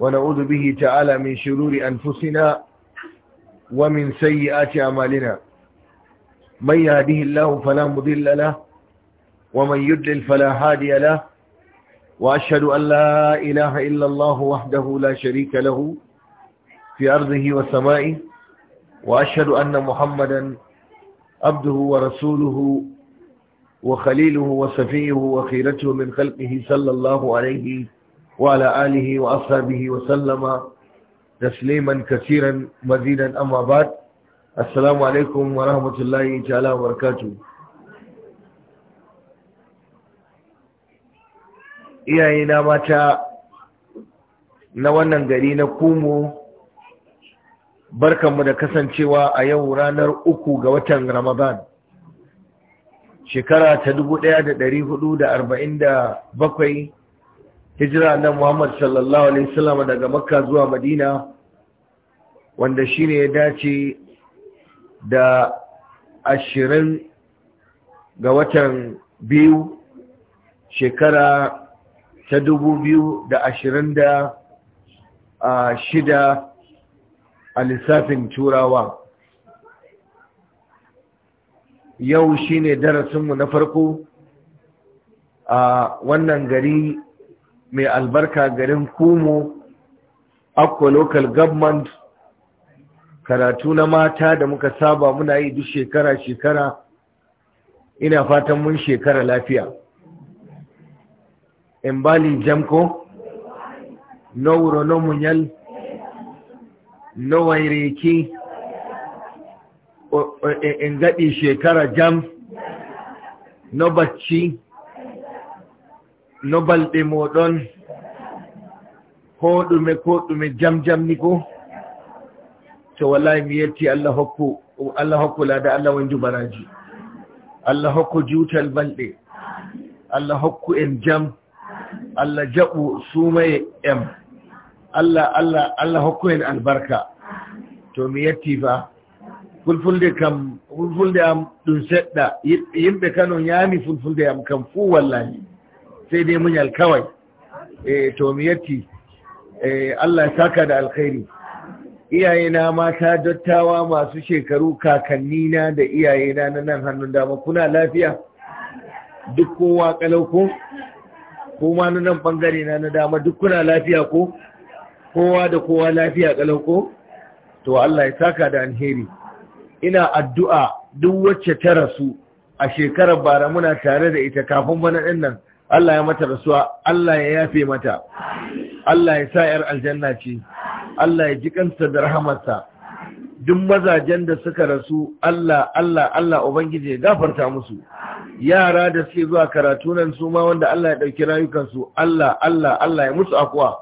ونعوذ به تعالى من شرور أنفسنا ومن سيئات أعمالنا من يهده الله فلا مضل له ومن يدلل فلا هادي له وأشهد أن لا إله إلا الله وحده لا شريك له في أرضه وسمائه وأشهد أن محمدا عبده ورسوله وخليله وصفيه وخيرته من خلقه صلى الله عليه وعلى آله وأصحابه وسلم تسليما كثيرا مزيدا أما بعد السلام عليكم ورحمة الله تعالى وبركاته iyayena mata na wannan gari na kumo barkanmu da kasancewa a yau ranar uku ga watan ramadan shekara ta bakwai. hijira na Muhammad sallallahu alaihi wasallam daga Makka zuwa Madina wanda shine ya dace da ashirin ga watan biyu shekara ta dubu biyu da ashirin da shida a lissafin turawa yau shine darasinmu na farko a wannan gari mai albarka garin kumo akwa local government karatu na mata da muka saba muna yi duk shekara-shekara ina fatan mun shekara lafiya embali jamko nauro no munyal nawa reki in e, gaɗi shekara jam na bacci no balɗe moɗon ko ɗume ko ɗume jam ni ko to wallahi mi yetti allah hokku allah hokku laada allah wonju jubaraji. allah hokku juutal balɗe allah hokku en jam allah jaɓu sumaye em allah allah allah hokku en albarka to mi yetti fa fulfulde kam fulfulde am ɗum seɗɗa yimɓe kano ñaami fulfulde am kam fuu wallahi sai dai munyal kawai eh to miyatti eh Allah saka da alkhairi iyayena mata dattawa masu shekaru kakannina da iyayena na nan hannun dama kuna lafiya duk kowa kalau ko kuma na nan bangare na na dama duk kuna lafiya ko kowa da kowa lafiya kalau ko to Allah ya saka da alheri ina addu'a duk wacce ta rasu a shekarar bara muna tare da ita kafin bana ɗin nan Allah ya mata rasuwa Allah ya yafe mata Allah ya sa ‘yar aljanna ce Allah ya ji kansa da rahamarsa duk mazajen da suka rasu Allah Allah Allah Ubangiji ya gafarta musu yara da suke zuwa karatu nan su ma wanda Allah ya ɗauki rayukansu Allah Allah Allah ya musu akuwa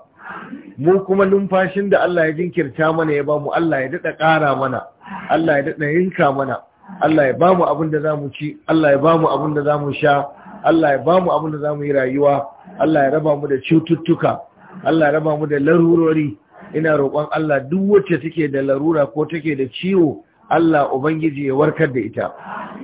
mu kuma numfashin da Allah ya jinkirta mana ya bamu Allah ya daɗa ƙara mana Allah ya daɗa yinka mana Allah ya bamu abin da za mu ci Allah ya bamu abin da za mu sha Allah ya bamu abin da zamu yi rayuwa Allah ya raba mu da cututtuka Allah ya raba mu da larurori ina roƙon Allah duk wacce take da larura ko take da ciwo Allah ubangiji ya warkar da ita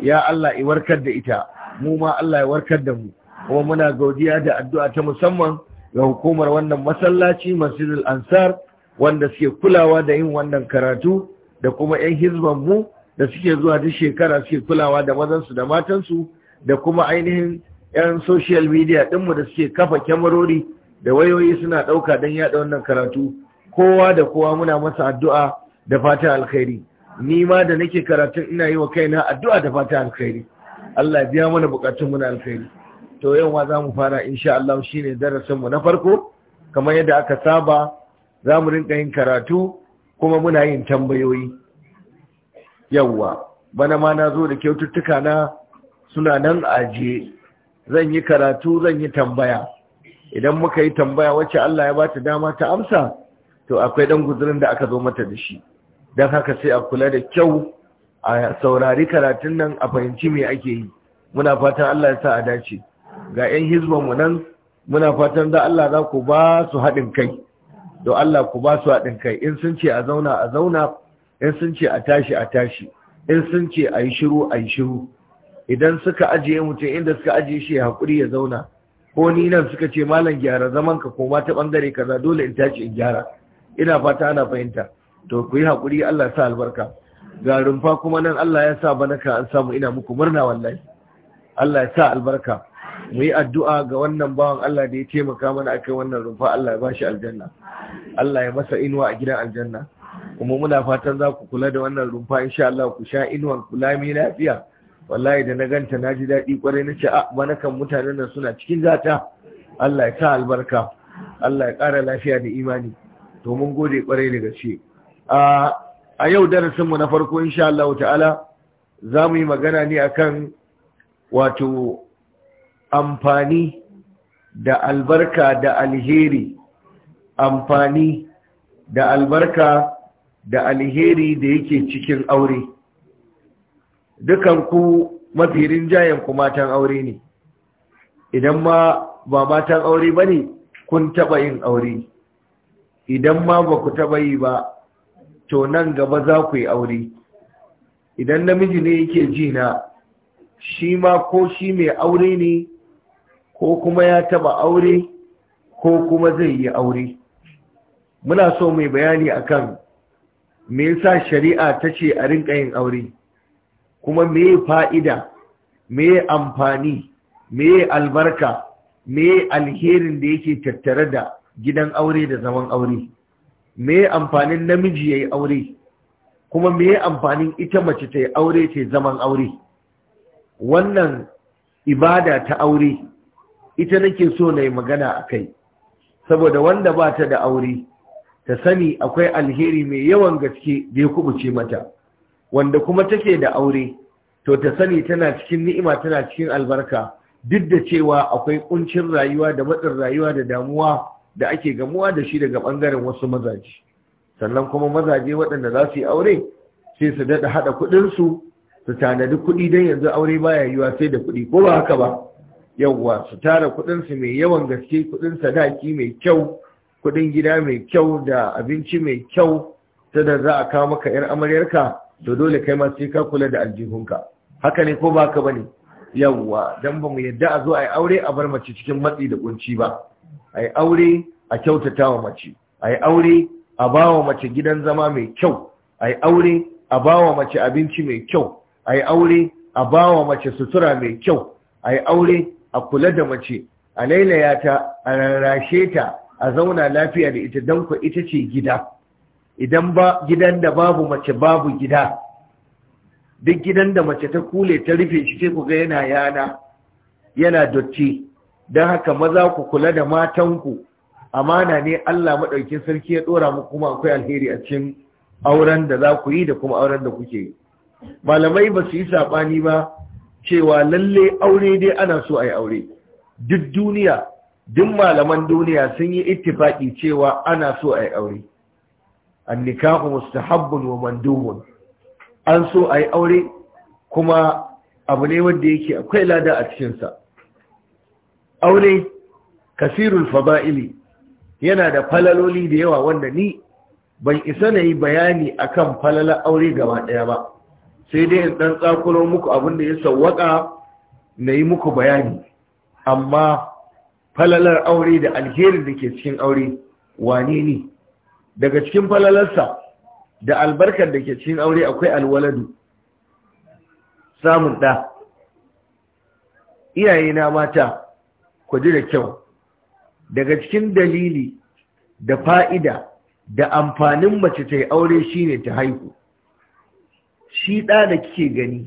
ya Allah ya warkar da ita mu ma Allah ya warkar da mu kuma muna godiya da addu'a ta musamman ga hukumar wannan masallaci Masjidul Ansar wanda suke kulawa da yin wannan karatu da kuma 'yan hizban mu da suke zuwa duk shekara suke kulawa da mazansu da matansu da kuma ainihin 'yan social media ɗinmu da suke kafa kyamarori da wayoyi suna ɗauka don yaɗa wannan karatu kowa da kowa muna masa addu'a da fatan alkhairi ni ma da nake karatun ina yi wa kaina addu'a da fatan alkhairi Allah biya mana bukatun muna alkhairi to yau ma za mu fara insha Allah shine darasin mu na farko kamar yadda aka saba za mu rinka yin karatu kuma muna yin tambayoyi yawwa bana ma na zo da kyaututtuka na suna nan ajiye zan yi karatu zan yi tambaya idan muka yi tambaya wacce Allah ya bata dama ta amsa to akwai ɗan guzurin da aka zo mata da shi don haka sai a kula da kyau a saurari karatun nan a fahimci mai ake yi muna fatan Allah ya sa a dace ga 'yan hizbanmu nan muna fatan za Allah za ku ba su haɗin kai don Allah ku ba su haɗin kai in sun ce a zauna a zauna in sun ce a tashi a tashi in sun ce a yi shiru a yi shiru idan suka ajiye mutum inda suka ajiye shi hakuri ya zauna ko ni nan suka ce malam gyara zaman ka koma ta bangare kaza dole in tashi in gyara ina fata ana fahimta to ku yi hakuri Allah sa albarka ga rumfa kuma nan Allah ya sa banaka an samu ina muku murna wallahi Allah ya sa albarka mu yi addu'a ga wannan bawan Allah da ya taimaka mana akai wannan rumfa Allah ya bashi aljanna Allah ya masa inuwa a gidan aljanna kuma muna fatan za ku kula da wannan rumfa insha Allah ku sha inuwan kulami mai lafiya wallahi da na ganta na ji daɗi kwarai na ce a ah, bana kan mutanen nan suna cikin gata Allah ya sa albarka Allah ya ƙara lafiya da imani to gode kwarai da gaske a yau darasinmu na farko insha Allah ta'ala za mu yi magana ne akan wato amfani da albarka da alheri amfani da albarka da alheri da yake cikin aure dukanku mafirin jayen ku matan aure ne idan ma ba matan aure ba ne kun taɓa yin aure idan ma ba ku taɓa yi ba to nan gaba za ku yi aure idan namiji ne yake ji na shi ma ko shi mai aure ne ko kuma ya taɓa aure ko kuma zai yi aure muna so mai bayani akan me yasa shari'a ta ce a rinka yin aure kuma me fa'ida me amfani me albarka me alherin da yake tattare da gidan aure da zaman aure me amfanin namiji yayi aure kuma me amfanin ita mace ta yi aure ta zaman aure wannan ibada ta aure ita nake so na yi magana a kai saboda wanda ba ta da aure ta sani akwai alheri mai yawan gaske da ya kubuce mata wanda kuma take da aure to ta sani tana cikin ni'ima tana cikin albarka duk da cewa akwai kuncin rayuwa da matsin rayuwa da damuwa da ake gamuwa da shi daga bangaren wasu mazaje sannan kuma mazaje waɗanda za su yi aure sai su daɗa haɗa kuɗinsu su tanadi kuɗi don yanzu aure baya yiwa sai da kuɗi ko ba haka ba yawwa su tara kuɗinsu mai yawan gaske kuɗin sadaki mai kyau kuɗin gida mai kyau da abinci mai kyau ta da za a kawo maka 'yar amaryarka to dole kai ma sai ka kula da aljihunka haka ne ko ba ka bane yawwa dan ba mu yadda a zo a aure a bar mace cikin matsi da kunci ba ai aure a kyautata wa mace ai aure a ba wa mace gidan zama mai kyau ai aure a ba wa mace abinci mai kyau ai aure a ba wa mace sutura mai kyau ai aure a kula da mace a lailaya ta a rarrashe ta a zauna lafiya da ita dan ku ita ce gida idan ba gidan da babu mace babu gida duk gidan da mace ta kule ta rufe shi sai ku ga yana yana yana dotti don haka maza ku kula da matanku amana ne Allah maɗaukin sarki ya ɗora muku kuma akwai alheri a cikin auren da za ku yi da kuma auren da kuke yi malamai ba su yi saɓani ba cewa lalle aure dai ana so a yi aure duk duniya duk malaman duniya sun yi ittifaƙi cewa ana so a yi aure النكاح mustahabbun wa an so ayi aure kuma abu ne wanda yake akwai lada a cikinsa. aure kasirul faba'ili yana da falaloli da yawa wanda ni ban isa na yi bayani akan falala aure gaba ɗaya ba sai dai in dan tsakuro muku abin da ya sauwaƙa na yi muku bayani amma falalar aure da alherin da ke cikin aure wane ne daga cikin falalarsa da albarkar da ke cikin aure akwai alwaladu samun ɗa iyaye na mata ku ji da kyau daga cikin dalili da fa'ida da amfanin mace ta yi aure shine ta haihu shi ɗa da kike gani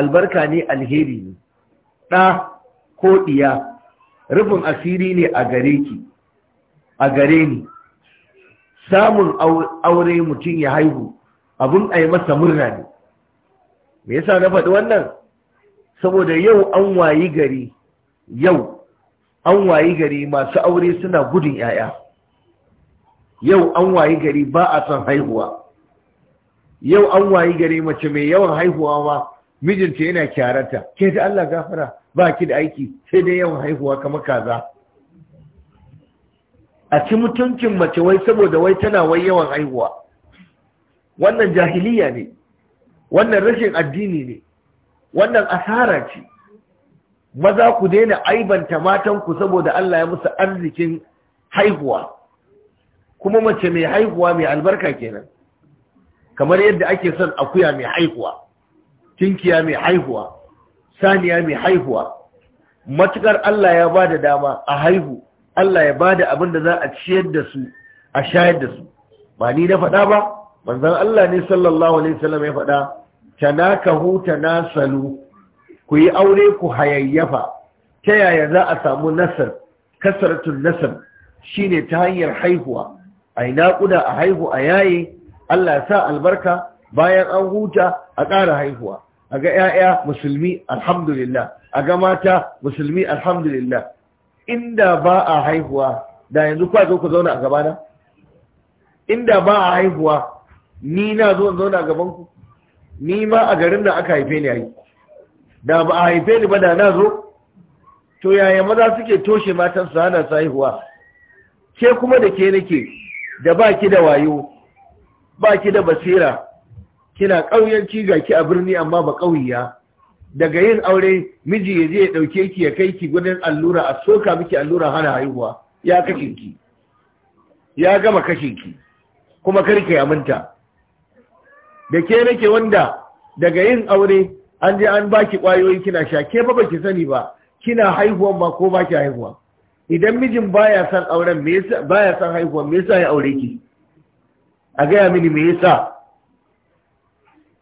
albarka ne alheri ne ɗa ko ɗiya rufin asiri ne a gare ki a gare ni samun aure mutum ya haihu abin a yi masa murna ne me yasa na faɗi wannan saboda yau an wayi gari yau an wayi gari masu aure suna gudun 'ya'ya yau an wayi gari ba a son haihuwa yau an wayi gari mace mai yawan haihuwa ma mijinta yana kyararta ke da Allah gafara ba ki da aiki sai dai yawan haihuwa kama kaza a ci mutuncin mace wai saboda wai tana wai yawan haihuwa wannan jahiliya ne wannan rashin addini ne wannan asara ce maza ku daina aibanta matanku saboda Allah ya musu arzikin haihuwa kuma mace mai haihuwa mai albarka kenan kamar yadda ake son akuya mai haihuwa tinkiya mai haihuwa saniya mai haihuwa matukar Allah ya ba da dama a haihu Allah ya bada abin da za a ciyar da su a shayar da su ba ni na faɗa ba manzon Allah ne sallallahu alaihi wasallam ya faɗa tanakahu tanasalu ku yi aure ku hayayyafa ta yaya za a samu nasar kasratul nasar shine ta hanyar haihuwa ai naƙuda a haihu a yaye Allah ya sa albarka bayan an huta a ƙara haihuwa a ga 'ya'ya musulmi alhamdulillah a ga mata musulmi alhamdulillah inda ba a haihuwa da yanzu kwa zo ku zauna a gabana inda ba a haihuwa ni na zo zauna a gabanku ni ma a garin da aka haife ni a yi da ba a haife ni ba da na zo to yaya maza suke toshe matan su hana su haihuwa ke kuma da ke nake da ba ki da wayo ba ki da basira kina ƙauyen ga ki a birni amma ba ƙauyiya daga yin aure miji ya je ya ɗauke ki ya kai ki gudun allura a soka miki allura hana haihuwa ya kashe ki ya gama kashe ki kuma karki aminta da ke nake wanda daga yin aure an je an baki kwayoyi kina sha ke ba baki sani ba kina haihuwa ba ko baki haihuwa idan mijin baya san auren me yasa baya san haihuwa me yasa ya aure ki a gaya mini me yasa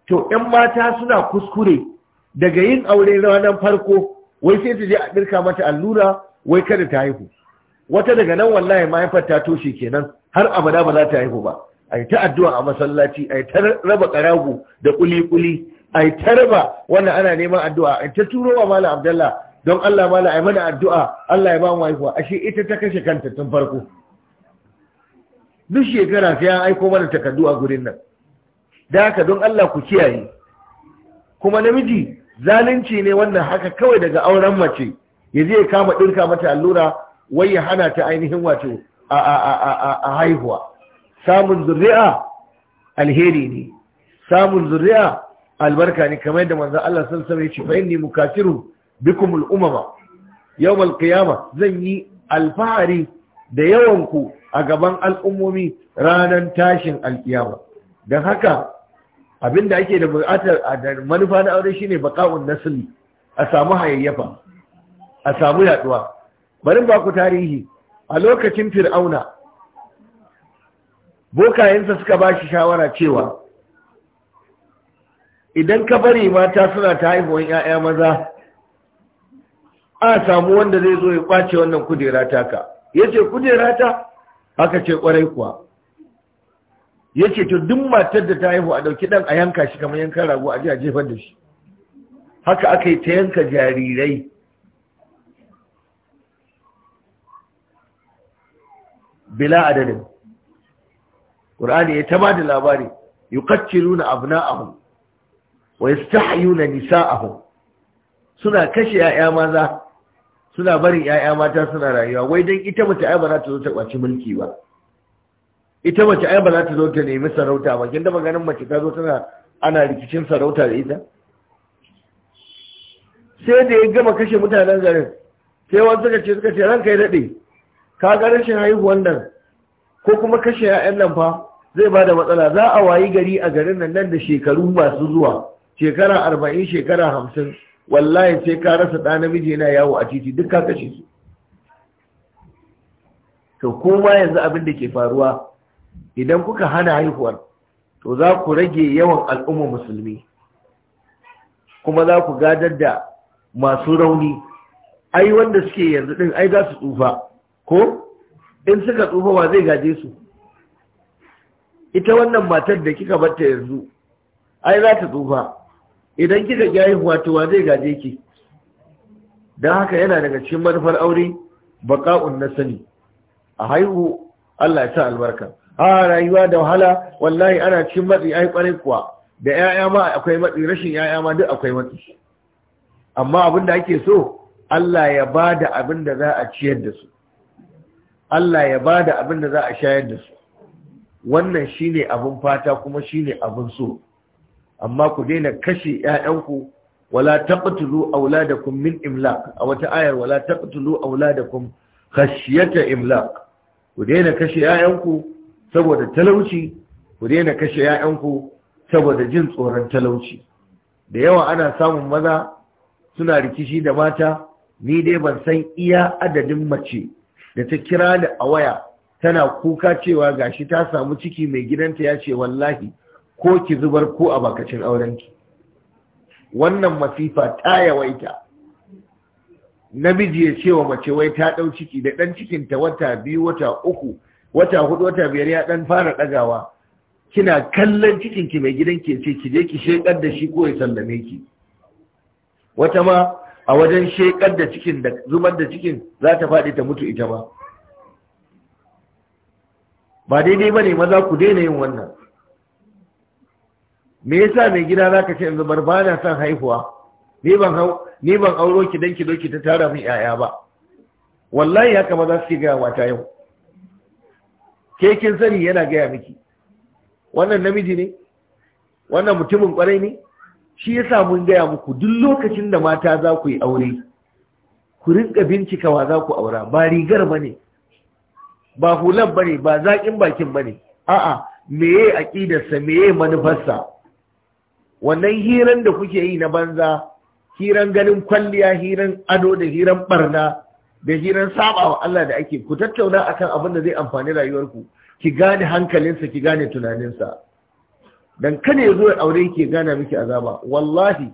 to 'yan mata suna kuskure daga yin aure ranar farko wai sai ta je a ɗirka mata allura wai kada ta haihu wata daga nan wallahi mahaifar ta toshe kenan har abada ba za ta haihu ba a yi ta addu'a a masallaci a yi ta raba karago da kuli-kuli a yi ta raba wannan ana neman addu'a a yi ta turo wa malam abdalla don allah a yi mana addu'a allah ya ba mu haihuwa ashe ita ta kashe kanta tun farko duk shekara sai an aiko mana takardu a gurin nan da haka don allah ku kiyaye kuma namiji zalunci ne wannan haka kawai daga auren mace ya je ya kama ɗirka mata allura wai ya hana ta ainihin wato a haihuwa samun zuri'a alheri ne samun zuri'a albarka ne kamar yadda manzan Allah sun sami ci ya ce fa inni mukatiru bikum al-umama yawm al zan yi alfahari da yawanku a gaban al'ummomi ranar tashin alkiyama don haka Abin da ake da buƙatar manufa na aure shine baka'un nasli a samu hayayyafa a samu yaduwa bari ba ku tarihi a lokacin fir'auna bokayensa suka ba shi shawara cewa idan ka bari mata suna ta haihuwan 'ya'ya maza a samu wanda zai zo ya kwace wannan kujera taka yace ce kujera ta aka ce kwarai kuwa ya ce to duk matar da ta haihu a ɗauki ɗan a yanka shi kamar yankan rago a a jefar da shi haka aka yi ta yanka jarirai bila adadin ƙur'ani ya taba da labari yuqattiluna abna'ahum wa nisa ahu suna kashe 'ya'ya maza suna barin 'ya'ya mata suna rayuwa wai don ita mace ai ba za ta zo ta kwaci mulki ba ita mace ai ba za ta zo ta nemi sarauta ba kin da maganin mace ta zo tana ana rikicin sarauta da ita sai da ya gama kashe mutanen garin sai wani suka ce suka ce ranka ya daɗe ka ga rashin haihuwan nan ko kuma kashe 'ya'yan nan fa zai ba da matsala za a wayi gari a garin nan nan da shekaru masu zuwa shekara arba'in shekara hamsin wallahi sai ka rasa ɗa namiji yana yawo a titi duk ka kashe su to koma yanzu abin da ke faruwa idan kuka hana haihuwar to za ku rage yawan al'umma musulmi kuma za ku gadar da masu rauni ai wanda suke yanzu din ai za su tsufa ko in suka tsufa wa zai gaje su ita wannan matar da kika batta yanzu ai za ta tsufa idan kika ki haihuwa to wa zai gaje ki don haka yana daga cikin manufar aure baka'un na sani a haihu Allah ya sa albarka a rayuwa da wahala wallahi ana cikin matsi ai kwarai kuwa da 'ya'ya ma akwai matsi rashin 'ya'ya ma duk akwai matsi amma abin da ake so Allah ya ba da abin da za a ciyar da su Allah ya bada da abin da za a shayar da su wannan shine abin fata kuma shine abin so amma ku daina kashe 'ya'yanku wala taqtulu auladakum min imlaq a wata ayar wala taqtulu auladakum khashyata imlaq ku daina kashe 'ya'yanku saboda talauci ku daina kashe 'ya'yanku saboda jin tsoron talauci da yawa ana samun maza suna rikici da mata ni dai ban san iya adadin mace da ta kira ni a waya tana kuka cewa gashi ta samu ciki mai gidanta ya ce wallahi ko ki zubar ko a bakacin aurenki wannan masifa ta yawaita namiji ya ce wa mace wai ta ɗau ciki da ɗan cikinta wata biyu wata uku wata hudu wata biyar ya dan fara dagawa kina kallon cikin ki mai gidan ke ce ki je ki shekar da shi ko ya sallame ki wata ma a wajen shekar da cikin da zubar da cikin za ta faɗi ta mutu ita ba. ba daidai bane maza ku daina yin wannan me yasa mai gida zaka ce yanzu bar bana son haihuwa ni ban hau ni ban auro ki dan ki doki ta tara min yaya ba wallahi haka maza su ga mata yau ke sani yana gaya miki wannan namiji ne wannan mutumin kwarai ne shi yasa mun gaya muku duk lokacin da mata za ku yi aure ku rinka wa za ku aura ba rigar ba ne ba hulan ba ne ba zaƙin bakin ba ne a'a meye aƙidarsa meye manufarsa wannan hiran da kuke yi na banza hiran ganin kwalliya hiran ado da hiran barna da hiran saba wa Allah da ake ku tattauna akan abin da zai amfani rayuwarku ki gane hankalinsa ki gane tunaninsa dan kane ya zuwan ya aure yake gana miki azaba wallahi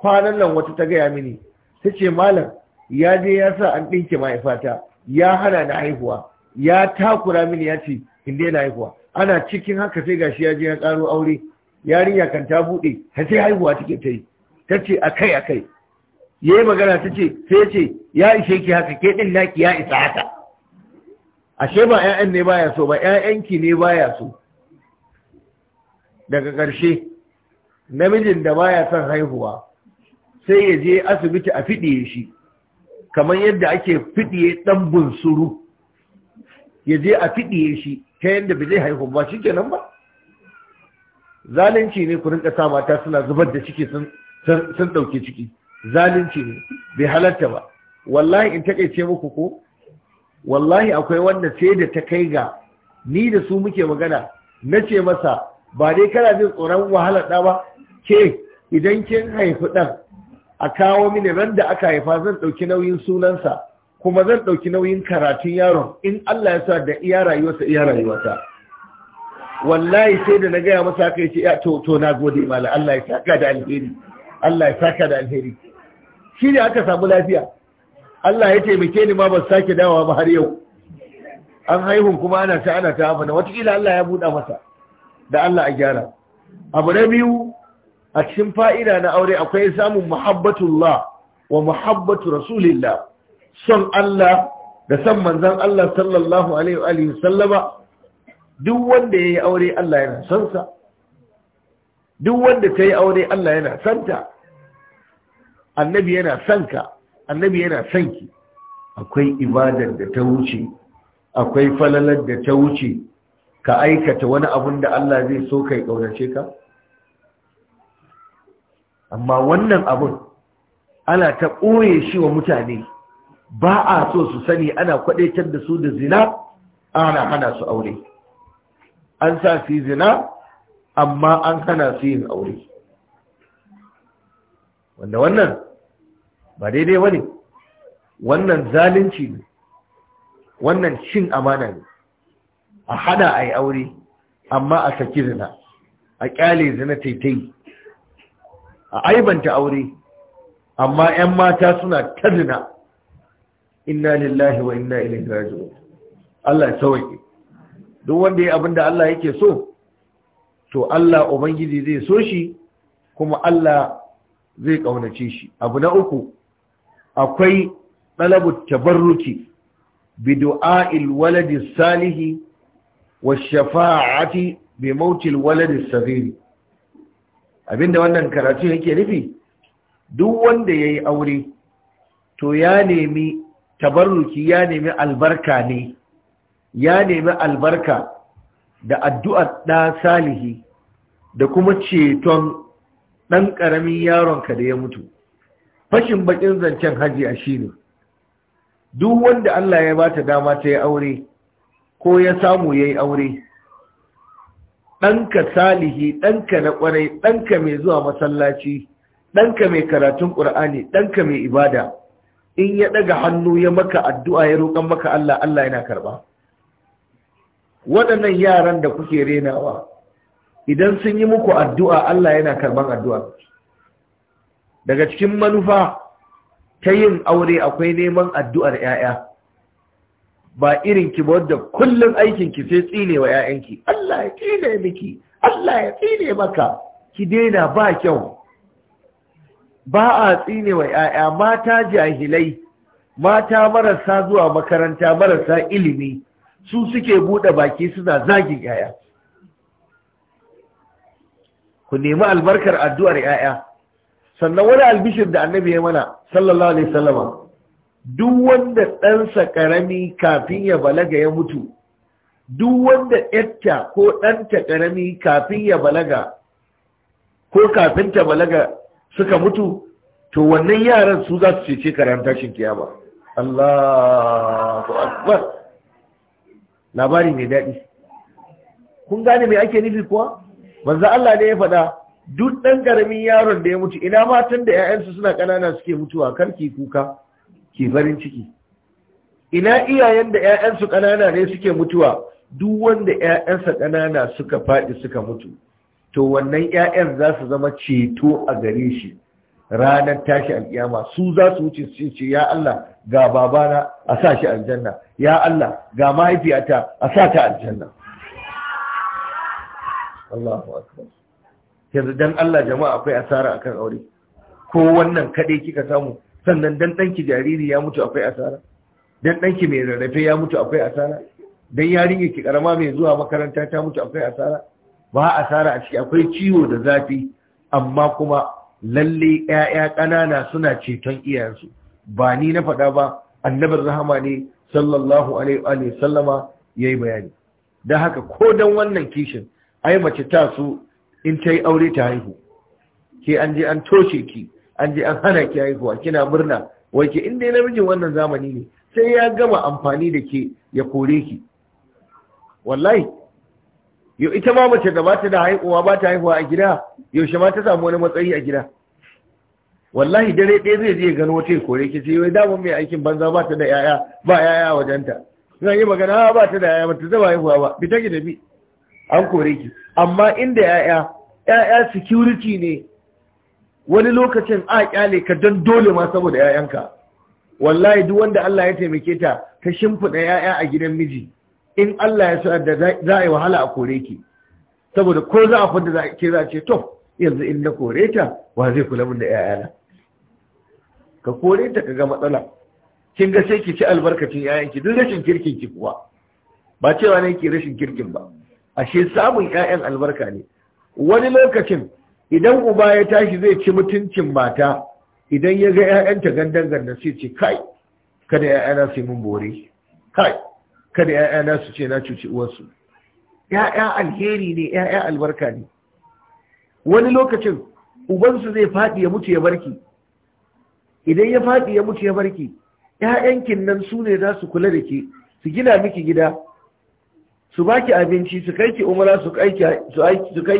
kwanan nan wata ta gaya mini ta malam ya je ya sa an ɗinke mahaifata ya hana na haihuwa ya takura mini ya ce in na haihuwa ana cikin haka sai gashi ya je ya karo aure yarinya kan ta buɗe ta sai haihuwa take ta yi ta akai akai ya yi magana ta ce sai ce ya ishe ki haka ke ɗin naki ya isa haka ashe ba 'ya'yan ne baya so ba 'ya'yanki ne baya so daga ƙarshe namijin da baya son haihuwa sai ya je asibiti a fiɗiye shi kamar yadda ake fiɗiye ɗan bunsuru ya je a fiɗiye shi ta yadda ba zai haihu ba shi kenan ba zalunci ne ku ƙasa mata suna zubar da ciki sun ɗauki ciki zalunci ne bai halarta ba wallahi in takaice muku ko wallahi akwai wanda sai da ta kai ga ni da su muke magana na ce masa ba dai kana jin tsoron wahalar ɗa ba ke idan kin haifi ɗan a kawo mini ran da aka haifa zan ɗauki nauyin sunansa kuma zan ɗauki nauyin karatun yaron in Allah ya sa da iya rayuwarsa iya rayuwarsa wallahi sai da na gaya masa aka yi ce to to na gode Allah ya saka da alheri Allah ya saka da alheri shi ne aka samu lafiya Allah ya taimake ni ma ba sake dawa ba har yau an haihun kuma ana ta ana ta abana watakila Allah ya buɗa masa da Allah a gyara abu na biyu a cikin fa'ida na aure akwai samun muhabbatullah wa muhabbatu rasulillah son Allah da son manzan Allah sallallahu alaihi wa sallama duk wanda ya yi aure Allah yana son sa duk wanda ta yi aure Allah yana santa annabi yana son ka annabi yana son ki akwai ibadar da ta wuce akwai falalar da ta wuce ka aikata wani abun da Allah zai so kai kaunace ka amma wannan abun ana ta ɓoye shi wa mutane ba a so su sani ana kwadaitar da su da zina ana hana su aure an sa su zina amma an hana su yin aure wanda wannan ba daidai ba ne wannan zalunci ne wannan cin amana ne a hada a yi aure amma a saki zina a kyale zina taitai a aibanta aure amma 'yan mata suna ta zina inna lillahi wa inna ilaihi raji'un Allah ya sauke duk wanda ya abinda Allah yake so to Allah ubangiji zai so shi kuma Allah zai kaunace shi abu na uku akwai ɗalabu tabarruki bidu'a'il waladi salihi wa shafa'ati bi mautil waladi safiri abinda wannan karatu yake nufi duk wanda ya yi aure to ya nemi tabarruki ya nemi albarka ne ya nemi albarka da addu'ar ɗa salihi da kuma ceton ɗan ƙaramin yaronka da ya mutu fashin bakin zancen shi shine duk wanda Allah ya bata dama ta yi aure ko ya samu ya yi aure ɗanka salihi ɗanka na ƙwarai ɗanka mai zuwa masallaci ɗanka mai karatun ƙur'ani ɗanka mai ibada in ya ɗaga hannu ya maka addu'a ya roƙon maka Allah Allah yana karɓa waɗannan yaran da kuke renawa idan sun yi muku addu'a Allah yana karɓan addu'a daga cikin manufa ta yin aure akwai neman addu'ar ‘ya'ya ba irin ki ba wadda kullum aikinki sai tsine wa ‘ya'yanki Allah ya tsine miki Allah ya tsine maka ki daina ba kyau ba a tsine wa ‘ya'ya mata jahilai mata marasa zuwa makaranta marasa ilimi su suke buɗe baki suna zagin ‘ya'ya ku nemi albarkar addu'ar ‘ya'ya sannan wani albishir da annabi ya mana sallallahu alaihi sallama duk wanda ɗansa ƙarami kafin ya balaga ya mutu duk wanda ƴatta ko ɗanta ƙarami kafin ya balaga ko kafin ta balaga suka mutu to wannan yaran su za su cece karan tashin kiyama Allahu akbar labari mai daɗi kun gane mai ake nufi kuwa manzo Allah ne ya faɗa duk ɗan ƙaramin yaron da ya mutu ina matan da 'ya'yansu suna ƙanana suke mutuwa kar ki kuka ke farin ciki ina iyayen da 'ya'yansu ƙanana ne suke mutuwa duk wanda 'ya'yansa ƙanana suka faɗi suka mutu to wannan 'ya'yan za su zama ceto a gare shi ranar tashi alƙiyama su za su wuce su ce ya Allah ga babana a sa shi aljanna ya Allah ga mahaifiyata a sa ta aljanna Allahu akbar yanzu dan Allah jama'a akwai asara akan aure ko wannan kaɗai kika samu sannan dan ɗanki jariri ya mutu akwai asara dan ɗanki mai rarrafe ya mutu akwai asara dan yarinya ki karama mai zuwa makaranta ta mutu akwai asara ba asara a ciki akwai ciwo da zafi amma kuma lalle ƴaƴa ƙanana suna ceton iyayensu ba ni na faɗa ba annabin rahama ne sallallahu alaihi wa sallama yayi bayani dan haka ko dan wannan kishin ai mace ta su in ta yi aure ta haihu ke an je an toshe ki an je an hana ki haihuwa kina murna wai ke inda ya namijin wannan zamani ne sai ya gama amfani da ke ya kore ki wallahi yau ita ma mace da bata da haihuwa ba ta haihuwa a gida yaushe ma ta samu wani matsayi a gida wallahi dare ɗaya zai je gano wata ya kore ki sai wai damar mai aikin banza ba ta da yaya ba yaya wajenta zan yi magana ah, ba ta da yaya ba ta zaba haihuwa ba bi ta ki bi an kore ki amma inda ya'ya ya'ya security ne wani lokacin a kyale ka don dole ma saboda ya'yanka wallahi duk wanda Allah ya taimake ta ta shimfida ya'ya a gidan miji in Allah ya sa da za a yi wahala a kore ki saboda ko za a fada za ke za ce to yanzu in na kore ta wa zai kula min da ya'yana ka kore ta ka ga matsala kin ga sai ki ci albarkacin 'ya'yanki duk rashin kirkin ki kuwa ba cewa ne ki rashin kirkin ba ashe samun ƴaƴan albarka ne wani lokacin idan uba ya tashi zai ci mutuncin mata idan ya ga 'ya'yanta gandan gandan sai ce kai kada 'ya'yana su yi mun bore kai kada 'ya'yana su ce na cuci uwarsu Ƴaƴa alheri ne ‘ya'ya albarka ne wani lokacin ubansu zai faɗi ya mutu ya barki idan ya faɗi ya mutu ya barki ‘ya'yankin nan su ne za su kula da ke su gina miki gida su baki abinci su kai ki umara su kai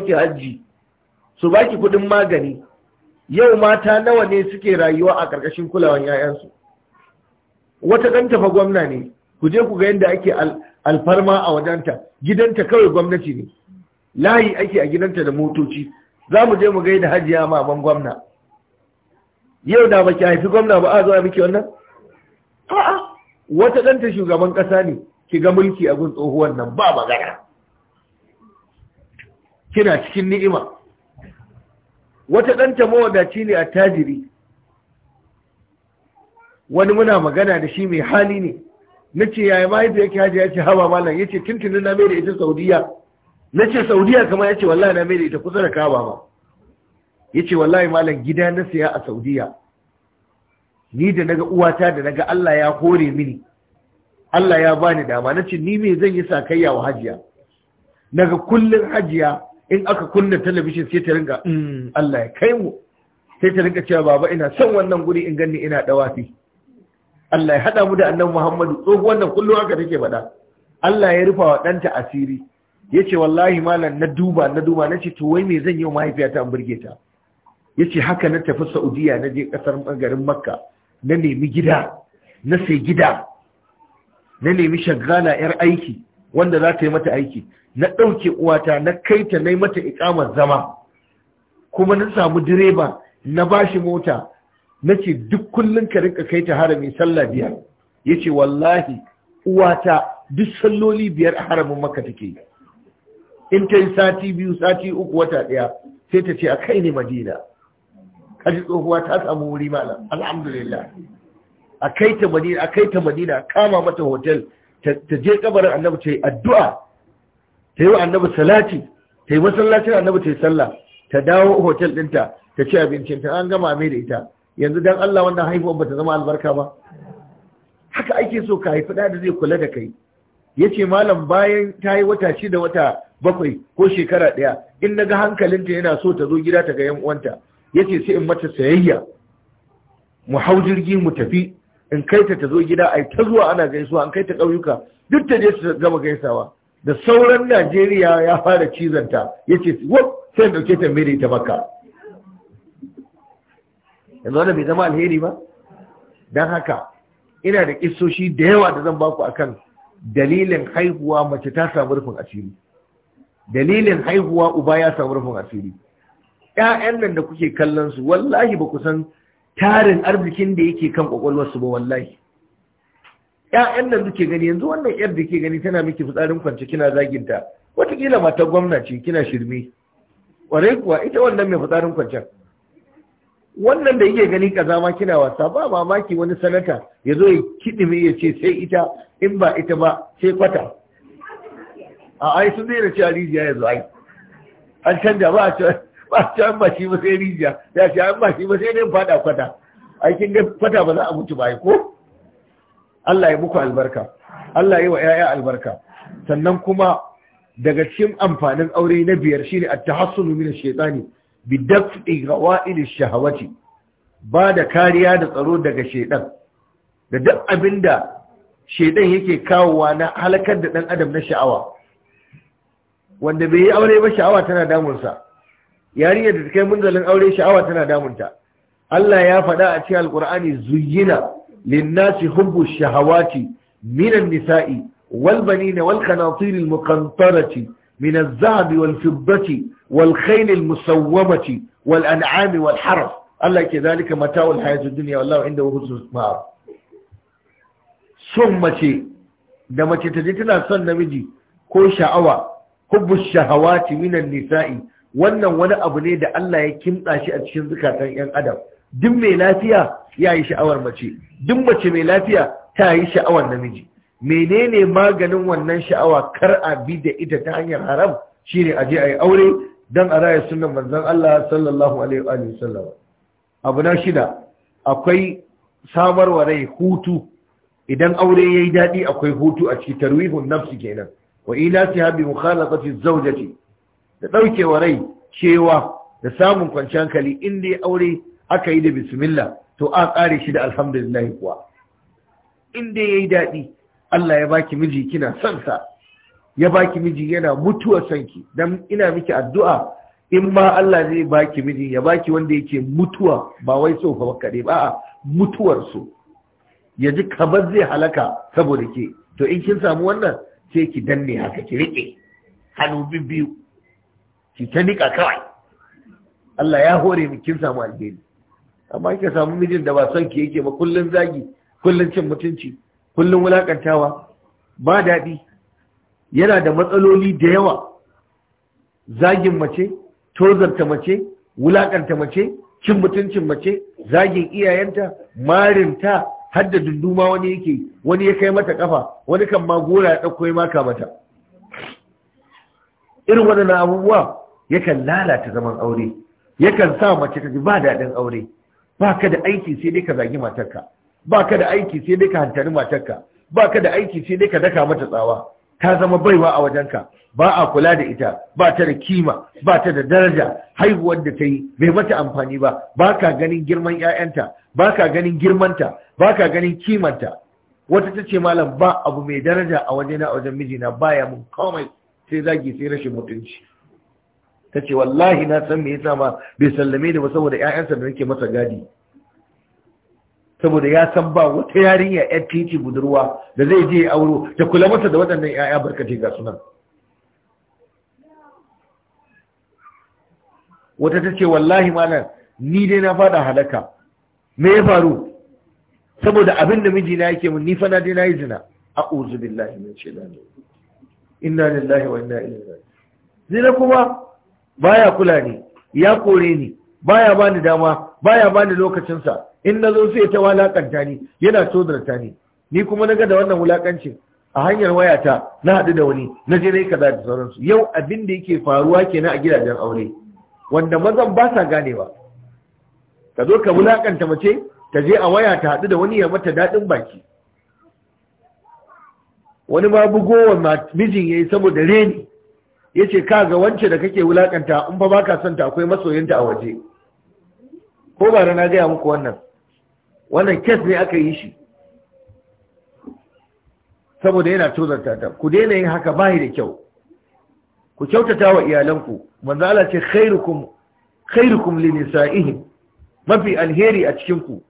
ki hajji su baki kudin magani yau mata nawa ne suke rayuwa a ƙarƙashin kulawan 'ya'yansu wata ɗan tafa gwamna ne ku je ku ga yadda ake alfarma a wajenta gidanta kawai gwamnati ne layi ake a gidanta da motoci za mu je mu gaida hajiya maman gwamna yau da baki haifi gwamna ba a zuwa miki wannan wata ɗanta shugaban ƙasa ne ki ga mulki a gun tsohuwan nan ba magana kina cikin ni'ima wata ɗanta mawadaci ne a tajiri wani muna magana da shi mai hali ne na ce yaya mahaifiya yake haji ya ce haba malam ya ce tuntunin na mai da ita saudiya na ce saudiya kama ya ce wallahi na mai da ita kusa da kaba ma ya ce wallahi malam gida na siya a saudiya ni da naga uwata da naga Allah ya hore mini Allah ya bani dama na ce ni me zan yi sakayya wa hajiya naga kullun hajiya in aka kunna talabishin sai ta ringa mm, Allah ya kai mu sai ta ringa cewa baba ina son wannan guri in ganni ina dawafi Allah ya hada mu da annabi Muhammadu tsohuwan wannan kullum haka take faɗa Allah ya rufa wa ɗanta asiri yace wallahi malam na duba na duba na ce to wai me zan yi wa mahaifiyata an burge ta yace haka na tafi Saudiya na je kasar garin Makka na nemi gida na sai gida na nemi shagala yar aiki wanda za ta yi mata aiki na ɗauke uwata na kaita na yi mata ikamar zama kuma na samu direba na bashi mota na ce duk kullum ka rinka kai ta harami sallah biyar ya ce wallahi uwata duk salloli biyar a haramin maka take in ta yi sati biyu sati uku wata ɗaya sai ta ce a kai ne madina kaji tsohuwa ta samu wuri malam alhamdulillah a kai ta madina a kai ta madina kama mata hotel ta je kabarin annabi ta yi addu'a ta yi wa annabi salati ta yi masallacin annabi ta yi sallah ta dawo hotel dinta ta ci abincin ta an gama mai da ita yanzu dan Allah wannan haifuwar ba ta zama albarka ba haka ake so ka haifi da zai kula da kai yace malam bayan ta yi wata shida wata bakwai ko shekara ɗaya in naga hankalinta yana so ta zo gida ta ga yan uwanta yace sai in mata sayayya mu hau jirgi mu tafi in kai ta zo gida ai ta zuwa ana gaisuwa an kai ta kauyuka duk ta je su gama gaisawa da sauran Najeriya ya fara cizanta ya ce wop sai ke ta miri ta baka yanzu wanda bai zama alheri ba don haka ina da kisoshi da yawa da zan baku akan dalilin haihuwa mace ta samu rufin asiri dalilin haihuwa uba ya samu rufin asiri Ya'yan nan da kuke kallon su wallahi ba ku san tarin arzikin da yake kan kwakwalwarsu ba wallahi ‘ya'yan nan duke gani yanzu wannan ‘yar da ke gani tana miki fitsarin kwance kina zaginta watakila matar gwamna ce kina shirme ƙwarai kuwa ita wannan mai fitsarin kwancen wannan da yake gani kaza ma kina wasa ba mamaki wani sanata ya zo ya kiɗime ya ce sai ita in ba ita ba sai kwata a ai sun zai da ce alijiya ya zo ai an canja ba a ba ta ba shi ba sai rijiya ya ce an ba shi ba sai ne fada kwata aikin dai ba za a mutu ba ko Allah ya muku albarka Allah ya wa 'ya'ya albarka sannan kuma daga cikin amfanin aure na biyar shine at-tahassunu min ash-shaytani bi daf'i ghawa'il ash-shahawati ba da kariya da tsaro daga shaytan da duk abinda shaytan yake kawowa na halakar da dan adam na sha'awa wanda bai yi aure ba sha'awa tana damunsa yarinyar da ta kai munzalin aure sha'awa tana damunta Allah ya faɗa a cikin alkur'ani zuyyina linnasi hubbu shahawati minan nisa'i wal banina wal qanatir al muqantarati min az-zahabi wal fiddati wal khayl al musawwamati wal an'ami wal harf Allah ke zalika mata'ul hayatid dunya wallahu inda husnul ma'ab son mace da mace ta je tana son namiji ko sha'awa hubbu shahawati minan nisa'i wannan wani abu ne da Allah ya kimtsa shi a cikin zukatan yan adam duk mai lafiya ya yi sha'awar mace duk mace mai lafiya ta yi sha'awar namiji menene maganin wannan sha'awa kar a bi da ita ta hanyar haram shine ne a yi aure don a raya sunan manzon Allah sallallahu alaihi wa sallam abu na shida akwai samarwa rai hutu idan aure yayi daɗi, akwai hutu a cikin tarwihun nafsi kenan wa ila sihabi mukhalafati zawjati da ɗaukewa rai cewa da samun kwanciyar hankali in dai aure aka yi da bismillah to an ƙare shi da alhamdulillah kuwa in dai yi daɗi Allah ya baki miji kina son sa ya baki miji yana mutuwa sanki dan ina miki addu'a in ma Allah zai baki miji ya baki wanda yake mutuwa ba wai so fa kare ba mutuwar so ya ji kabar zai halaka saboda ke to in kin samu wannan sai ki danne haka ki rike hannu biyu ki ta nika kawai Allah ya hore mu kin samu alheri amma ki samu mijin da ba son ki yake ba kullun zagi kullun cin mutunci kullun wulakantawa ba daɗi yana da matsaloli da yawa zagin mace tozarta mace wulakanta mace cin mutuncin mace zagin iyayenta marinta har da dunduma wani yake wani ya kai mata kafa wani kan ma gora ya ɗauko ya maka mata irin wannan abubuwa yakan lalata zaman aure yakan sa mace ka ji ba daɗin aure ba ka da aiki sai dai ka zagi matarka ba ka da aiki sai dai ka hantari matarka ba ka da aiki sai dai ka daka mata tsawa ka zama baiwa a wajenka ba a kula da ita ba ta da kima ba ta da daraja haihuwar da ta yi bai mata amfani ba ba ka ganin girman 'ya'yanta ba ka ganin girmanta ba ka ganin kimanta wata ta ce malam ba abu mai daraja a wajena a wajen mijina baya mun komai sai zagi sai rashin mutunci ta ce wallahi na san me yasa bai sallame da ba saboda 'ya'yansa da nake masa gadi saboda ya san ba wata yarinya yar titi budurwa da zai je auro ta kula masa da waɗannan 'ya'ya, barkatai ga sunan wata ta ce wallahi ma nan ni dai na fada halaka me ya faru saboda abin da mijina yake mun ni fa na dai na yi zina uzu billahi min shaitani inna lillahi wa inna ilaihi raji'un zina kuma baya kula ni ya kore ni baya bani dama baya bani lokacinsa in nazo zo sai ta walakanta ni yana tozarta ni ni kuma na ga da wannan wulakancin a hanyar wayata na haɗu da wani na je na kaza da sauransu yau abin da yake faruwa kenan a gidajen aure wanda mazan ba sa ganewa ka zo ka wulakanta mace ta je a waya ta haɗu da wani ya mata daɗin baki wani ma bugowa mijin yayi saboda reni ya ce ka ga wance da kake wulakanta in ba baka son ta akwai masoyinta a waje ko ba na gaya muku wannan wannan kes ne aka yi shi saboda yana tozarta ta ku daina yin haka bahi da kyau ku kyautata wa iyalanku manzo Allah ce khairukum khairukum li nisa'ihim mafi alheri a cikin ku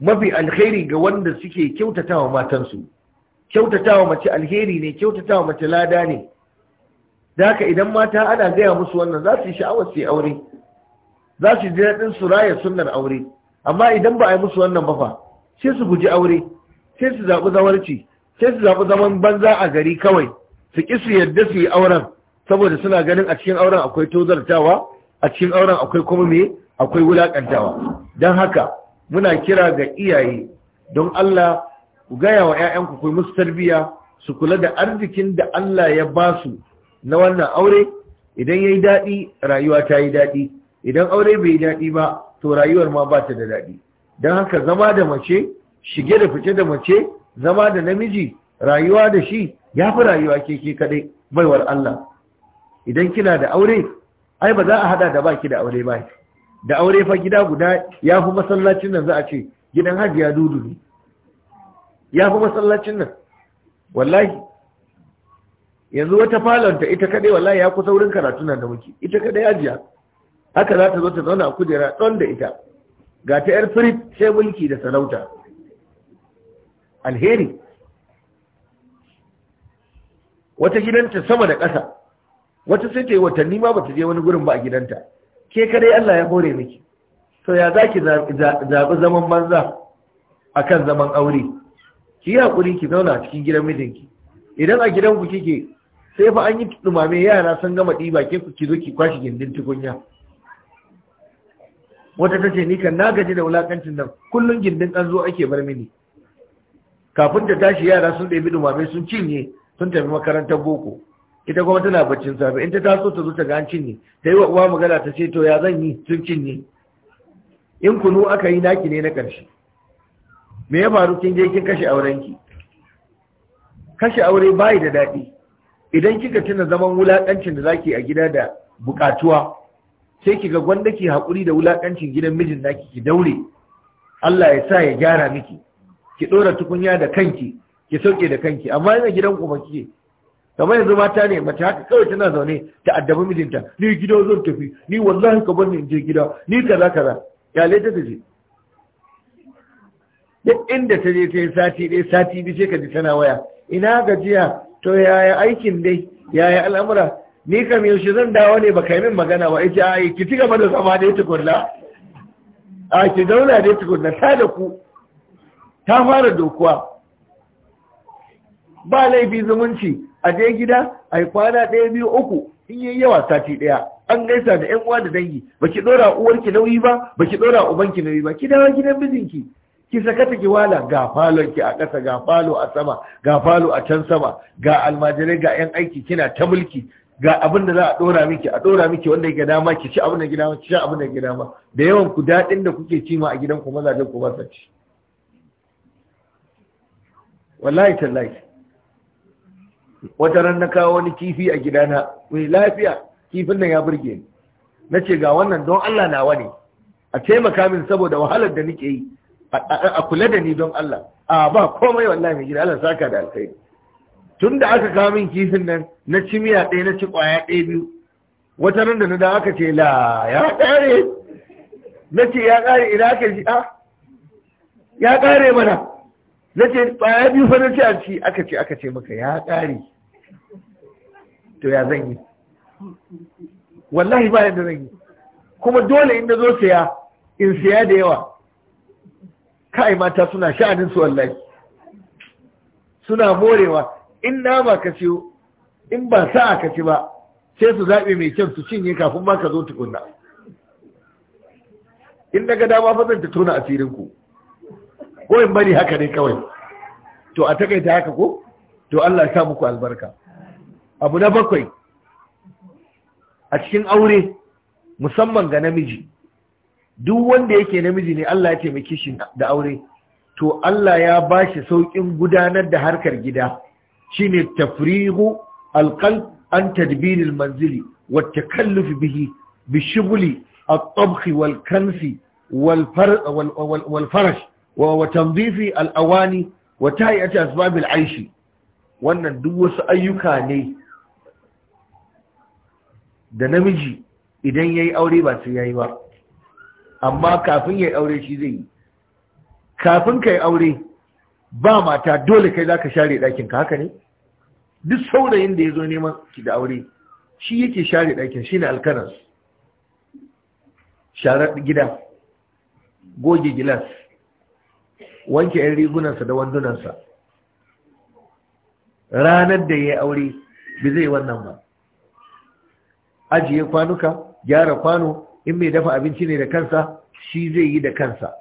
mafi alheri ga wanda suke kyautatawa matansu Kyautatawa mace alheri ne kyautatawa mace lada ne da idan mata ana gaya musu wannan za su yi sha'awar su yi aure za su ji daɗin su raya sunnar aure amma idan ba a yi musu wannan bafa, sai su guji aure sai su zaɓi zawarci sai su zaɓi zaman banza a gari kawai su ƙi su yarda su yi auren saboda suna ganin a cikin auren akwai tozartawa a cikin auren akwai kuma me akwai wulaƙantawa don haka muna kira ga iyaye don Allah ku gaya wa 'ya'yanku ku musu tarbiyya su kula da arzikin da Allah ya ba su na wannan aure idan ya yi daɗi rayuwa ta yi daɗi idan aure bai yi daɗi ba to rayuwar ma ba ta da daɗi don haka zama da mace shige da fice da mace zama da namiji rayuwa da shi ya fi rayuwa ke ke kaɗai baiwar Allah idan kina da aure ai ba za a haɗa da baki da aure ba da aure fa gida guda ya fi masallacin nan za a ce gidan hajiya dudu ne ya fi masallacin nan wallahi yanzu wata falonta ita kadai wallahi ya kusa wurin karatu nan da muke ita kadai ajiya haka za ta zo ta zauna a kujera don da ita ga ta yar firit sai mulki da sarauta alheri wata gidanta sama da ƙasa wata sai ta yi watanni ma bata je wani gurin ba a gidanta ke kadai Allah ya more miki to ya zaki zaɓi zaman banza akan zaman aure ki yi haƙuri ki zauna a cikin gidan mijinki idan a gidan ku kike sai fa an yi dumame yara sun gama ɗiba ke ku ki zo ki kwashi gindin tukunya wata ta ce ni kan na gaji da wulakancin nan kullum gindin an zo ake bar mini kafin ta tashi yara sun ɗebi dumame sun cinye sun tafi makarantar boko ita kuma tana baccin safe in ta taso ta zo ta ga an cinye ta yi wa uwa magana ta ce to ya zan yi sun cinye in kunu aka yi naki ne na ƙarshe me ya faru kin je kin kashe aurenki kashe aure bai da daɗi idan kika tuna zaman wulakancin da zaki a gida da bukatuwa sai kika gwanda ki haƙuri da wulakancin gidan mijin naki ki daure Allah ya sa ya gyara miki ki ɗora tukunya da kanki ki sauke da kanki amma yana gidan kuma kike kamar yanzu mata ne mace haka kawai tana zaune ta addabi mijinta ni gida zan tafi ni wallahi ka bar ni in je gida ni kaza kaza yale ta je duk inda ta je ta yi sati ɗaya sati biyu sai ka ji tana waya ina gajiya to yaya aikin dai yaya al'amura ni kam yaushe zan dawo ne baka yi min magana ba ita ai ki ci gaba da zama dai tukunna a ki zauna dai tukunna ta da ku ta fara dokuwa ba laifi zumunci a je gida a yi kwana ɗaya biyu uku in yi yawa sati ɗaya an gaisa da yan uwa da dangi ba ki ɗora uwarki nauyi ba ba ki ɗora ubanki nauyi ba ki dawo gidan mijinki ki sakata ki wala ga falon ki a ƙasa ga falo a sama ga falo a can sama ga almajirai ga yan aiki kina ta mulki ga abin da za a ɗora miki a ɗora miki wanda ya dama ki ci abin da gida ma, ki ci abin da gida ma da yawan ku daɗin da kuke ci ma a gidan ku mazajen ku ba ci wallahi tallahi wata ran na kawo wani kifi a gidana mai lafiya kifin nan ya burge ni na ce ga wannan don Allah nawa ne a taimaka min saboda wahalar da nake yi a kula da ni don Allah a ba komai wallahi mai gida Allah saka da alkhairi tun da aka kawo min kifin nan na ci miya ɗaya na ci ƙwaya ɗaya biyu wata nan da na da aka ce la ya ƙare na ce ya ƙare ina aka ji a ah, ya ƙare mana na ce ƙwaya biyu fa na ce a ci aka ce aka ce maka ya ƙare to ya zan yi wallahi ba yadda zan yi kuma dole in na zo siya in siya da yawa kai mata suna sha'anin su wallahi suna morewa in nama ka ciwo in ba sa'a ka ci ba sai su zaɓi mai kyan su cinye kafin ma ka zo tukunna in daga dama fa zan ta tona asirin ku ko in bari haka ne kawai to a takaita haka ko to Allah ya sa muku albarka abu na bakwai a cikin aure musamman ga namiji duk wanda yake namiji ne Allah ya taimake shi da aure to Allah ya ba shi sauƙin gudanar da harkar gida shine tafrihu alqalb an tadbiril manzili wa takalluf bihi bi shughli at-tabkh wal kansi wal wal farash wa tanzifi al-awani wa asbab al-aishi wannan duk wasu ayyuka ne da namiji idan yayi aure ba sai yayi ba amma kafin ya aure shi zai yi kafin ka yi aure ba mata dole kai za ka share ɗakinka haka ne duk saurayin da ya zo neman ki da aure shi yake share ɗakin shi ne alkanas sharar gida goge gilas wanke 'yan rigunansa da wandunansa ranar da ya yi aure bi zai wannan ba ajiye kwanuka gyara kwano in mai dafa abinci ne da kansa shi zai yi da kansa